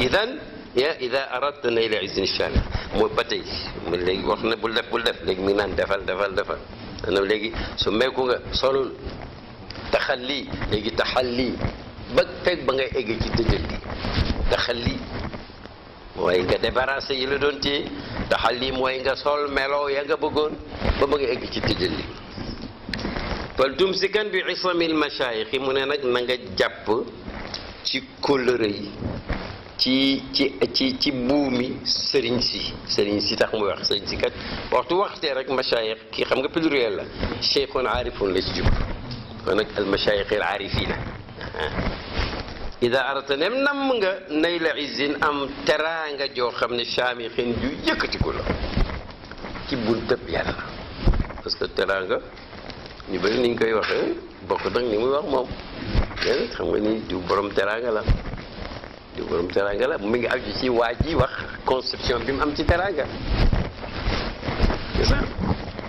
إذن يا اذا اردت ان الى عز الشارع مو باتي ملي وخنا بول داك بول داك ليك مينان دفل دفل دفل انا ليكي سما يكون صلو تخلي ليكي تحلي بك تك بنغا ايغي تي دجلي تخلي واي غا ديباراسي يلو دونتي تحلي موي غا صول ميلو ياغا بوغون با بنغا ايغي تي دجلي فالتمسكن بعصم المشايخ من نك نغا جاب تي كولري ci ci ci ci boumi serigne ci serigne ci tax mu wax serigne ci kat waxtu waxte rek mashayix ki xam nga pluriel la shaykhun arifun la ci djub kon nak al mashayikh al arifina اذا اردت nem nam nga nay la izin am teraanga joo xam ne saamixin ju yëkkatiku la ci buntëb yàlla parce que teraanga ñu bëri ni ñu koy waxee bokk nag ni muy wax moom léen di borom teraanga la mi ngi aju ci waa ji wax conception bi mu am ci teraanga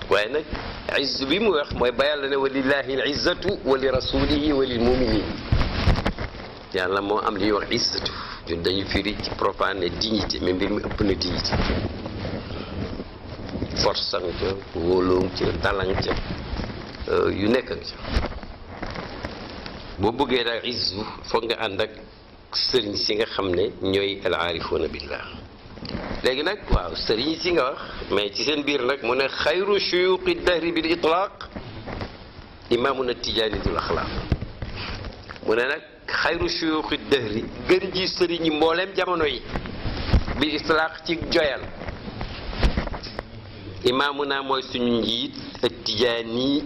waaye nag izz bi mu wax mooy ba yàlla ne walillahi al izzatu wa li rasulihi wa lil muminin yàlla moo am li ñuy wax izzatu ñun dañu firi ci profané dignité mais mbir mi ëpp na dignité force am ca wóoloom ca dalang ca yu nekk ak ca boo bëggee daal izzu foog nga ànd ak سرين سينغا خامني نيوي العارفون بالله لكن نك واو سرين سينغا ما تي سين بير نك مون خير شيوخ الدهر بالاطلاق امامنا التجاني ذو الاخلاق مون نك خير شيوخ الدهر غرجي سرين مولم جامونو يي بالاطلاق تي جويال امامنا موي سونو التجاني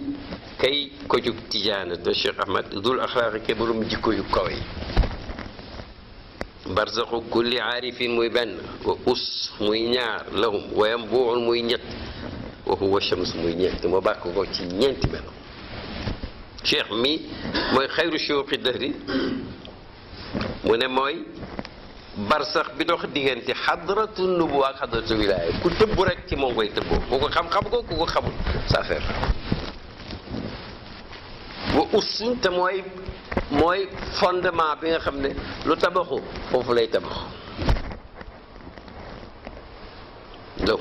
كي كوجوك تيجانا دو احمد ذو الاخلاق كبرم جيكو يكوي barsaxu kulli aarifin muy benn wa us muy ñaar lahum wa yanbuul muy ñett wa huwa shams muy ñeent ma bàkk ko ci ñeenti melo cheikh mi mooy xayru shuyuuxi dëhri mu ne mooy barsax bi dox diggante xadratu nubuwa ak xadratu wilaaya ku tëbb rek ci moom koy tëbboo ku ko xam-xam ko ku ko xamul sa affaire wa usun te mooy mooy fondement bi nga xam ne lu tabaxu foofu lay tabax donc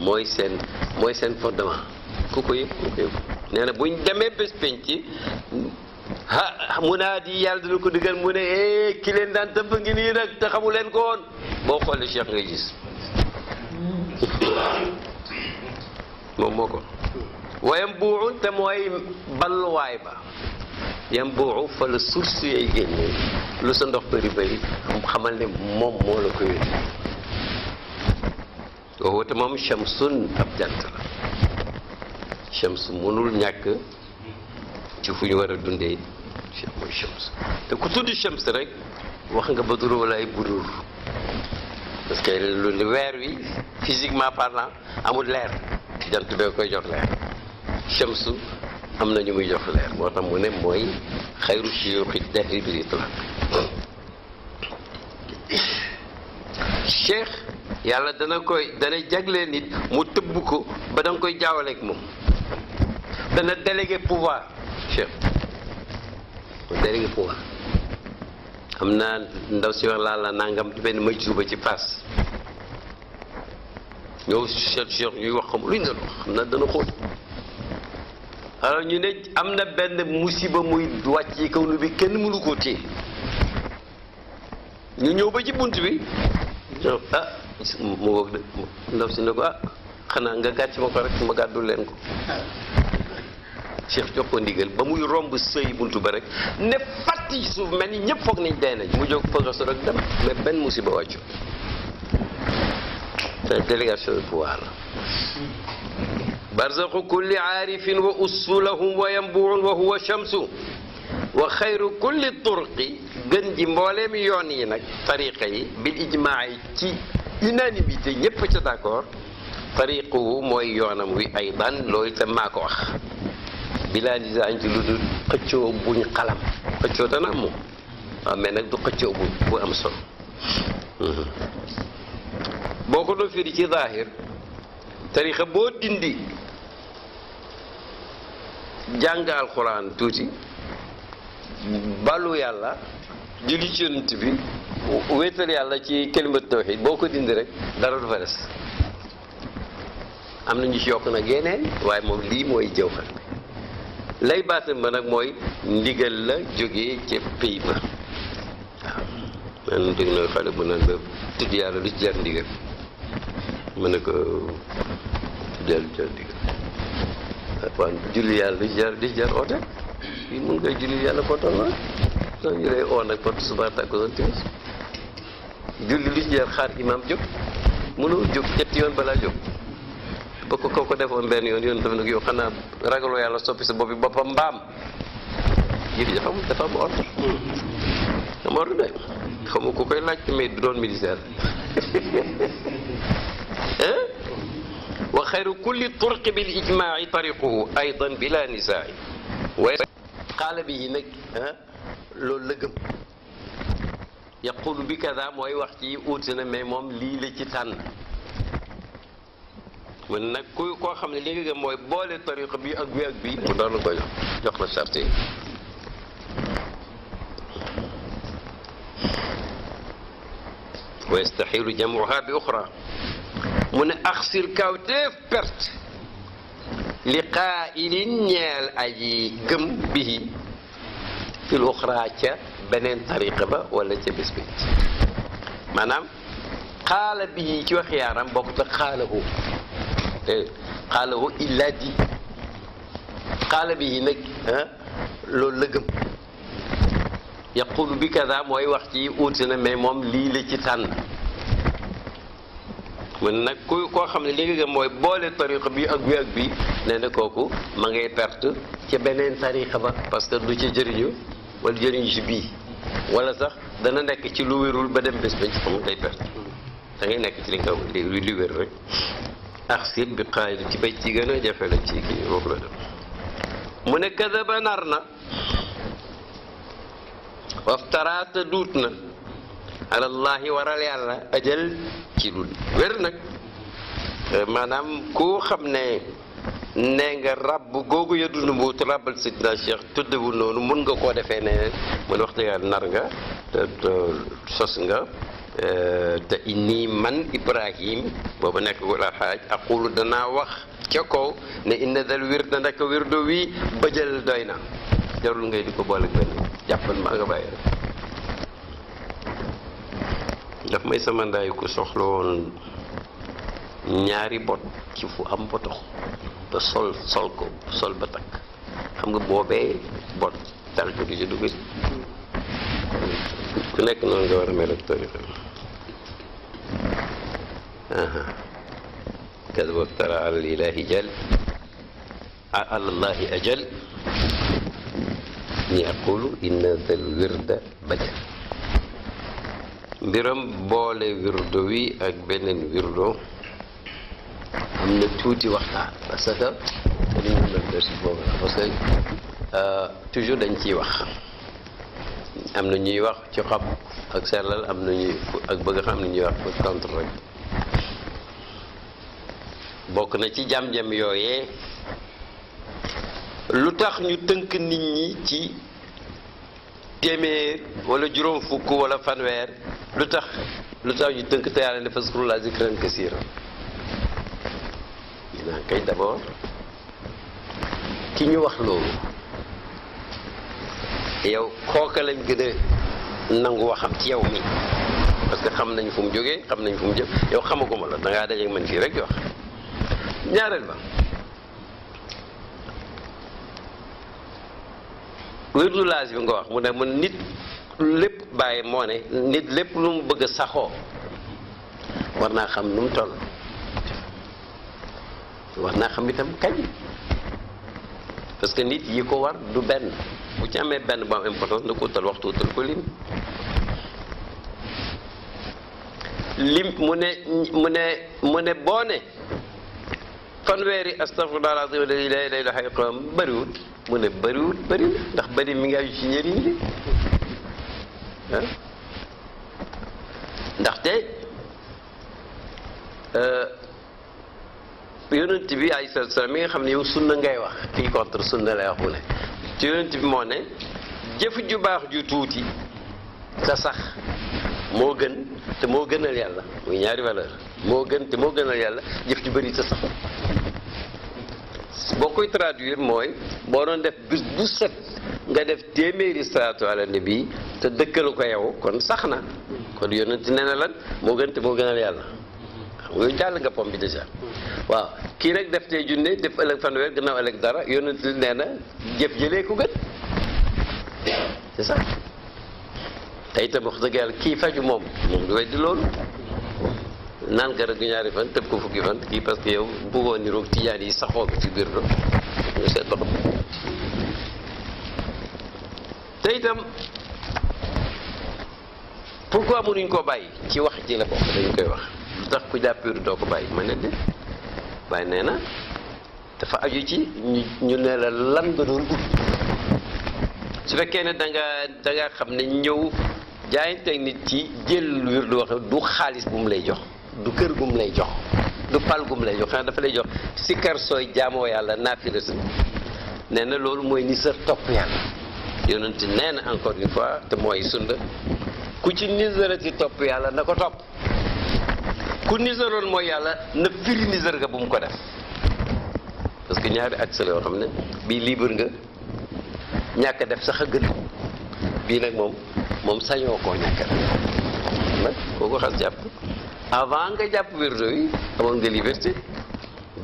mooy seen mooy seen fondement ku ko yëg ku ko yëg nee na buñ demee bés penc ha munaadi yàlla dina ko digal mu ne eh ki leen daan tëmb ngi nii nag te xamu leen ko boo xoolee Cheikh ngay gis moom moo ko wayam buuxul te mooy balluwaay ba yam fa la source yay génnee lu sa ndox bëri bëri xamal ne moom moo la ko yónni woowu te moom shamsun ab jant la shams mënul ñàkk ci fu ñu war a dundee te ku tudd shams rek wax nga ba duru walaay budur parce que lu weer wi physiquement parlant amul leer jant bee koy jox leer shamsu am na ñu muy jox leer moo tax mu ne mooy xayru siyuuxi dahri bil itlaq cheikh yàlla dana koy dana jagle nit mu tëb ko ba danga koy jaawaleeg moom dana délégué pouvoir cheikh mu délégué pouvoir xam naa ndaw si wax laa la nangam benn majjuba ci paas ñëw cheikh ñuy wax xam luñ doon wax xam naa dana xóot alors ñu ne am na benn musiba muy wàcc ci kaw nu bi kenn mënu ko téye ñu ñëw ba ci bunt bi ah mu wax de ndaw si ne ko ah xanaa nga gàcc ma ko rek ma gàddul leen ko Cheikh jox ko ndigal ba muy romb sëy bunt ba rek ne fàtti ci suuf mel ni ñëpp foog ni dee nañ mu jóg fa so rek dem mais benn musiba wàccu délégation de pouvoir la برزق كل عارف وأصولهم وينبوع وهو شمس وخير كل الطرق gën ji mbooleem yoon yi nag tariqa yi bil ijmaa yi ci unanimité ñëpp ca d'accord tariqu mooy yoonam wi aydan loolu itam maa ko wax bilaa nisaañ ci lu dul xëccoo buñ xalam xëccoo dana am moom waaw mais nag du xëccoo bu bu am solo boo ko doon firi ci zaahir tariqa boo dindi jàng alxuraan tuuti bàllu yàlla julli ci yonent bi wéetal yàlla ci kalimat tawxiid boo ko dindi rek dara du fa am na ñu ci yokk nag yeneen waaye moom lii mooy jawhar bi lay baatam ba nag mooy ndigal la jóge ca pays ba waaw man dégg naa xale bu naan ba tudd yàlla lu ci jar ndigal mën na ko tudd yàlla lu ci jar ndigal waaw julli yàlla di jar di jar oote fii mun ngay julli yàlla foo toll soo ñu lay oo nag porte suba tàkkusaan timis julli lu ci jar xaar imaam jóg mënoo jóg ñetti yoon balaa jóg ba ko kooku defoon benn yoon yoon dafa nag yow xanaa ragaloo yàlla soppi sa boppi boppam mbaam julli xam dafa am ordre am de xamu ku koy laaj mais du doon ministère hein وخير كل الطرق بالإجماع طريقه أيضا بلا نزاع قال به نك لولقم يقول بكذا موي وقتي اوتنا مي موم لي لا سي تان من نك كو خم لي ليغا موي بولي طريق بي اك بي اك بي دون كو جوخ لا سارتي ويستحيل جمعها باخرى من أخسر الكوتيف برت لقائل نيال أي كم به في الأخرى بنين طريقة با ولا تبس بيت مانام قال به كيو خيارا بوقت قاله إيه. قاله إلا دي قال به نك ها لو لغم يقول بكذا موي وقتي اوتنا مي موم لي لا تي mun nag ku koo xam ne li nga gëm mooy boole tariqa bi ak bi ak bi nee na kooku ma ngay perte ci beneen tariqa ba parce que du ci jëriñu wala jëriñu ci bii wala sax dana nekk ci lu wérul ba dem bés bañ ci xam ngay da ngay nekk li nga xam ne li wér rek axsib bi xaayil ci bay ci gën a jafe la ci kii foofu la dem mu ne kadaba nar na waftarata duut na alallahi waral yàlla ajal ci lu wér nag euh, maanaam koo xam ne ne nga rab googu ya dund mbuut rabal sidna Cheikh tuddewul noonu mun nga koo defee ne mun wax dëgg yàlla nar nga sos nga euh, te inni man Ibrahim boobu nekk ko alxaaj aqulu danaa wax ca kaw ne inna dal wird na ndaka wirdo wi bëjal doy na jarul ngay di ko boole benn jàppal maa nga bàyyi rek daf may sama nday ku soxlo won ñaari bot ci fu am boto ba sol sol ko sol ba tak xam nga bobé bot dal ko di dugg ku nek non nga war mel ak tariqa aha kad tara al ilahi jal al allahi ajal ni aqulu inna dal wirda bajal mbiram boole wirdo wi ak beneen wirdo am na tuuti waxtaan parce euh, toujours dañ ciy wax am na ñuy wax ci xam ak sellal am na ñuy ak bëgg xam ne ñuy wax contre rek bokk na ci jam-jam yooyee lu tax ñu tënk nit ñi ci téeméer walla juróom fukk wala fanweer lu tax lu tax ñu tënk te yàlla ne fazkurullah zikran kasiira ñu kay d'abord ki ñu wax loolu yow kooka lañ gën a nangu waxam ci yow mi parce que xam nañu fu mu jógee xam nañ fu mu jëm yow ma la dangaa dajeeg man fii rek di wax ñaareel ba wér du laaj bi nga wax mu ne man nit lépp bàyyi moo ne nit lépp lu mu bëgg a saxoo war naa xam nu mu toll war naa xam itam kañ parce que nit yi ko war du benn bu ci amee benn bu am importance na ko utal waxtu utal ko lim lim mu ne mu ne mu ne boo ne fanweeri astafurlah laa lay lay lay lay bëriwut mu ne bëriwut bëriwut ndax bëri mi ngi aju ci njëriñ li ndaxte euh, yonent bi ay salaatu salaam mi nga xam ne yow na ngay wax kii contre sunna lay wax mu ne te yonent bi moo ne jëf ju baax ju tuuti te sax moo gën te moo gënal yàlla muy ñaari valeur moo gën te moo gënal yàlla jëf ju bëri te sax boo koy traduire mooy boo doon def bis bu set nga def téeméeri salaatu ala nabi te dëkkalu ko yow kon sax na kon yonent nee na lan moo gën te moo gënal yàlla xam nga jàll nga pom bi déjà waaw kii nag def te junne def ëllëg fanweer gannaaw ëllëg dara yonent nee na jëf jëlee ku gën c'est te itam wax dëgg yàlla kii faju moom moom du weddi loolu naan garab gi ñaari fan tëb ko fukki fan kii parce que yow bëggoon ni roog tijaan yi saxoo ko ci biir do te itam pour pourquoi mënuñ koo bàyyi ci wax ji la bokk dañ koy wax lu tax ku jàppiru doo ko bàyyi ma ne de waaye nee na dafa aju ci ñu ne la lan nga doon ut su fekkee ne danga danga xam ne ñëw jaayanteeg nit ci jël wir du wax du xaalis bu mu lay jox du kër gu mu lay jox du pal gu lay jox xanaa dafa lay jox sikkar sooy jaamoo yàlla naafila si nee na loolu mooy ni sa topp yàlla yonent nee na encore une fois te mooy sunna ku ci nisërati topp yàlla na ko topp ku nisëroon mooy yàlla na firi nisër nga bu mu ko def parce que ñaari ak sel yoo xam ne bii libre nga ñàkk def sax a gën bii nag moom moom sañoo koo ñàkk a def nag kooku xas jàpp avant nga jàpp wérdo yi amoon nga liberté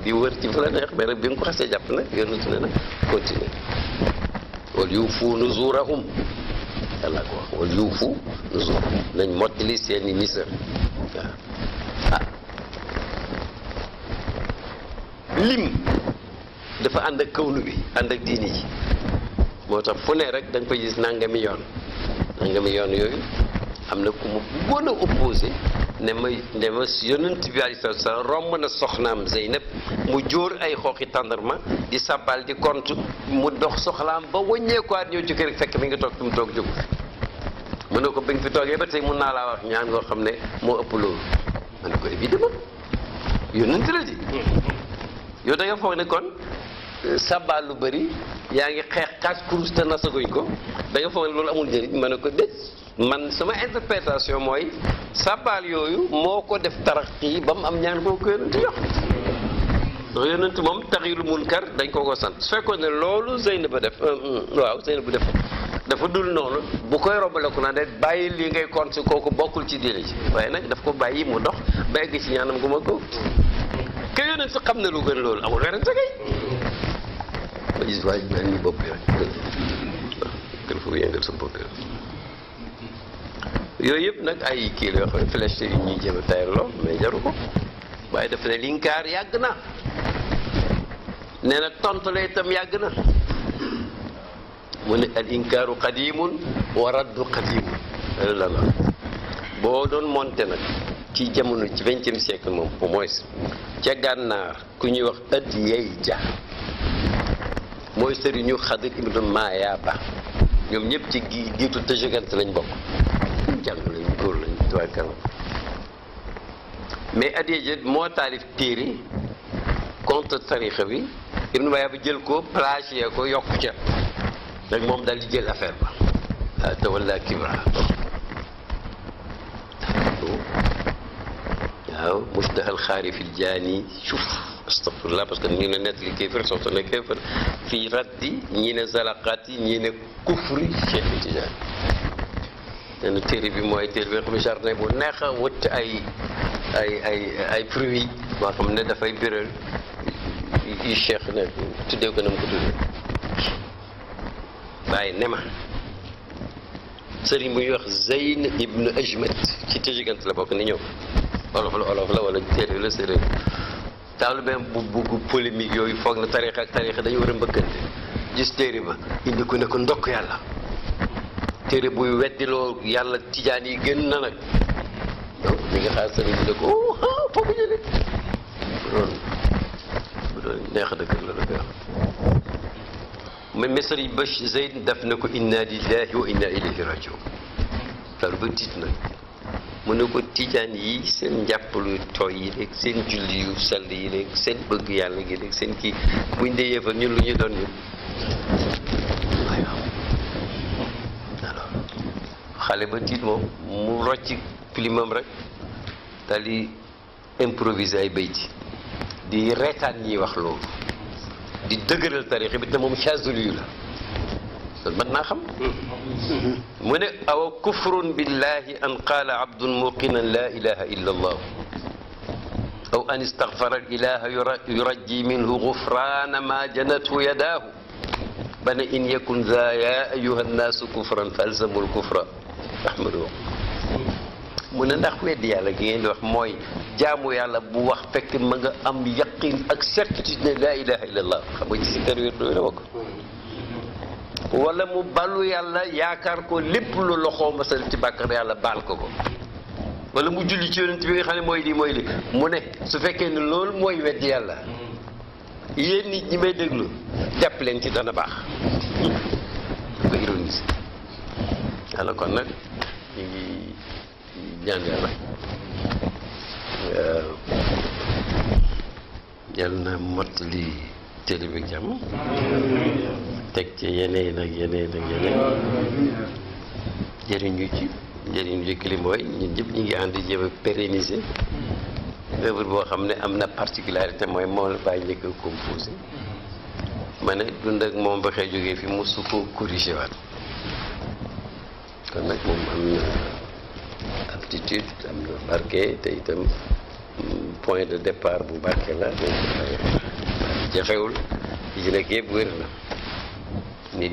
di wër ci fu la neex mais nag bi nga ko xasee jàpp nag yonent ne nag continuer wal yuufu nuzuurahum yàlla ko wax yuufu nañ mottali seeni nisër waaw ah lim dafa ànd ak kawlu bi ànd ak diini ji moo tax fu ne rek da nga koy gis nangami yoon nangami yoon yooyu am na ku ma bëggoon a opposé ne ma ne ma yonent bi aleyhi salaatu salaam romb na soxnaam Zeynab mu jóor ay xooxi tàndarma di sàbbal di kont mu dox soxlaam ba wàññeekuwaat ñëw ci kër fekk mi ngi toog fi toog jógu ne ko bi fi toogee ba tey mun naa laa wax ñaan ngoo xam ne moo ëpp loolu ma ne ko évidemment yonent la di yow da nga foog ne kon euh, sabal lu bari yaa ngi xeex kaas kurus te nasaguñ ko da nga foog ne loolu amul njëriñ ma ne ko des man sama interprétation mooy sàbbaal yooyu moo ko def taraqi ba mu am ñaan koo ko yonent jox ndax yonent moom taxirul kar dañ koo ko sant su fekkoon ne loolu Zeynab ba def euh, euh, waaw Zeynab bu def dafa dul noonu bu koy rombaleku naa de bàyyi lii ngay kon si kooku bokkul ci diine ji waaye nag daf ko bàyyi mu dox ba egg ci ñaanam gu ma ko ke yonent xam ne lu gën loolu amul werante kay ma gis waa sa bopp yooyu yëpp nag ay kii la yoo yu ñuy jëm tayal may jaru ko waaye daf ne linkaar yàgg na nee na tontu la itam yàgg na mu ne al inkaaru qadimun wa raddu qadimun boo doon monte nag ci jamono ci vingtième siècle moom au moins ca gànnaar ku ñuy wax ëtt yey ja mooy sëriñu Xadir ibnu Maaya Ba ñoom ñëpp ci gi giitu tëjugante lañ bokk jàng lañ góor lañ tubaarkalla mais adiya ji moo taalif téere contre tarixa bi Ibnu Bayaaba jël ko plagié ko yokku ca nag moom daal di jël affaire ba waaw tawalla kibra waaw mustahal xaari fil jaani suuf astafurlah parce que ñu ne nettali kéefër soxta ne kéefër fii raddi ñii ne zalaqaat yi ñii ne kufri cheikh Tijaani nee téere bi mooy téere bi nga xam ne neex a wut ay ay ay ay fruits ne dafay biral yu cheikh ne tuddee ko na mu ko tuddee bàyyi ne ma sëriñ bu ñuy wax Zeyn ibnu Ajmat ci tëjigant la bokk ni ñëw olof la olof la wala téere la séeréer taalubeem bu bugg polémique yooyu foog na tarixa ak tarixa dañu war a mbëkkante gis téere ba indi ko ne ko ndokk yàlla téere buy weddiloo yàlla tiijaan yi gën na nag donc mi ngi xaar sëriñ ko oh ah foog ñu doon neex dëgg la la koy wax mais daf ne ko inna lillahi wa inna ilayhi rajiun daal ba tiit nag mu ne ko tijaan yi seen njàpp lu tooy yi léeg seen julli yu sell yi léeg seen bëgg yàlla gi léeg seen kii buñ dee yëfal ñun lu ñu doon ñun xale ba tit mom mu rocc pilimam rek tali improviser ay bayti di retan ñiy wax loolu di deugereul tariikh bi te moom chazuli la loolu mën xam mu ne awa kufrun billahi an qala abdun muqinan la ilaha illa allah aw an istagfara al ilaha yurajji minhu gufrana ma janathu yadaahu bana in yakun za ya ayuha annaasu kufran fa alzamu ahmadoo mu ne ndax weddi yàlla gi ngeen di wax mooy jaamu yàlla bu wax fekk ma nga am yaqin ak certitude ne laa ilaha illallah xam nga ci si wala mu balu yàlla yaakaar ko lépp lu loxoo masal ci bàkkar yàlla baal ko ko wala mu julli ci yonent bi nga xam ne mooy lii mooy li mu ne su fekkee ne loolu mooy weddi yàlla yéen nit ñi may déglu jàpp leen ci dana baax ko ironise yàlla kon nag ñu ngi ñaan yàlla yàlla na mottali télé bi teg ci yeneen ak yeneen ak yeneen jëriñ ñu ci jëriñ ñu ci li mooy ñun ñëpp ñu ngi ànd jéem a pérenniser œuvre boo xam ne am na particularité mooy moo la bàyyi njëkk a composé dund ak moom ba xëy jógee fi mosu ko corrigé waat kon nag moom am na aptitude am na barke te itam mm, point de depart bu barke la nit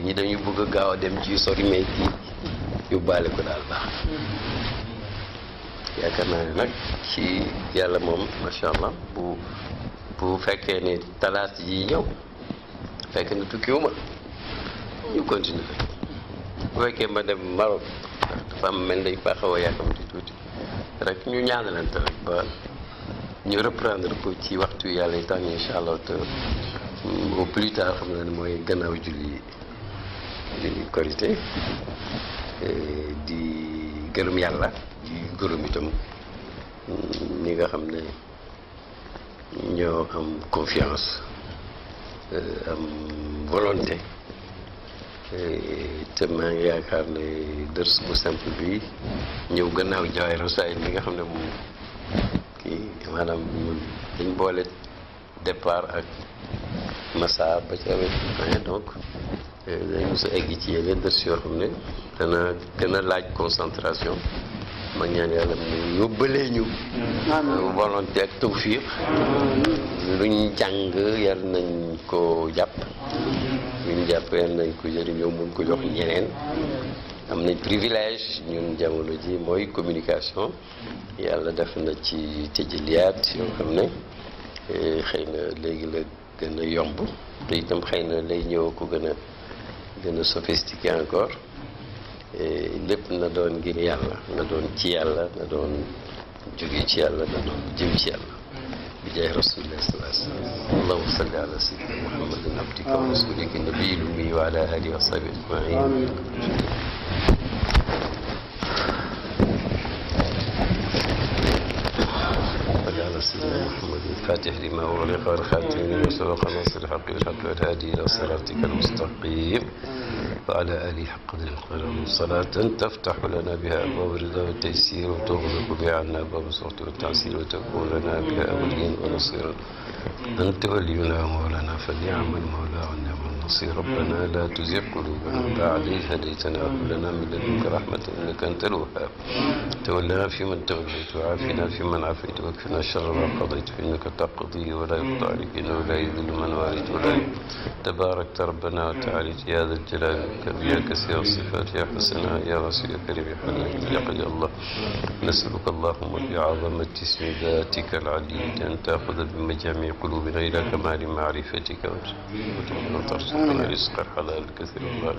ñi dañu bëgg a gaaw a dem ci sori mais ci yóbbaale ko daal baax yaakaar naa ne nag ci yàlla moom macha allah bu bu fekkee ne talaata yi ñëw fekk na tukkiwuma ñu continuer bu fekkee ma dem Maroc ndax dafa am mel dañ faa xaw a yàkkamti tuuti rek ñu ñaanalante rek ba ñu reprendre ko ci waxtu yàlla yi tax incha allah te au plus tard xam naa ne mooy gannaaw julli julli korité di gërëm yàlla di gërëm itam ñi nga xam ne ñoo am confiance euh, am volonté te maa ngi yaakaar ne dërs bu simple bi ñëw gannaaw jawaay rosaay bi nga xam ne moom kii maanaam dañ boole départ ak massa ba ci avec fin donc dañ mos a egg ci yeneen dërs yoo xam ne dana gën laaj concentration ma ñaan yàlla mu yóbbalee ñu volonté ak tawfiq luñ jàng yàlla nañ ko jàpp ñu jàppee nañ ko jëriñoo mun ko jox ñeneen am nañ privilège ñun jamono ji mooy communication yàlla def na ci tëjëliyaat yoo xam ne eh, xëy na léegi la gën a yomb te itam xëy na lay ñëw ko gën a gën a sophistiqué encore eh, lépp na doon ngir yàlla na doon ci yàlla na doon jóge ci yàlla na doon jëm ci yàlla بجاه رسول الله صلى الله عليه وسلم اللهم صل على سيدنا محمد عبدك ورسولك النبي الأمي وعلى آله وصحبه أجمعين سيدنا محمد الفاتح لما أغلق والخاتم لما سبق ناصر الحق بالحق والهادي إلى صراطك المستقيم وعلى آله حق ذي القدر صلاة تفتح لنا بها أبواب الرضا والتيسير وتغلق بها عنا أبواب السخط والتعسير وتكون لنا بها أولين ونصيرا أنت ولينا ومولانا فنعم المولى ونعم المعاصي ربنا لا تزغ قلوبنا بعد إذ هديتنا وهب لنا من لدنك رحمة إنك أنت الوهاب تولنا فيمن توليت وعافنا فيمن عافيت واكفنا شر ما قضيت فإنك تقضي ولا يقضى عليك إنه لا يذل من واليت ولا يقضى تباركت ربنا وتعاليت يا ذا الجلال والإكرام يا كثير الصفات يا حسنا يا رسول الكريم كريم يا حنين يا قدير الله نسألك اللهم بعظمة اسم ذاتك العلي أن تأخذ بمجامع قلوبنا إلى كمال معرفتك وترضى وارزقنا رزقا حلال كثير الله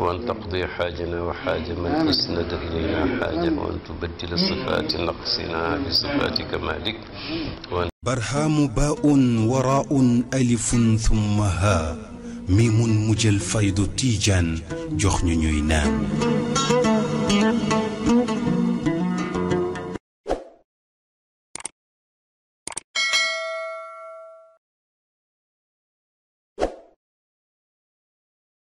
وأن تقضي حاجنا وحاج من أسند إلينا حاجة وأن تبدل صفات نقصنا بصفات كمالك وأن برهام باء وراء ألف ثم ها ميم مجل فيض تيجان جخن نام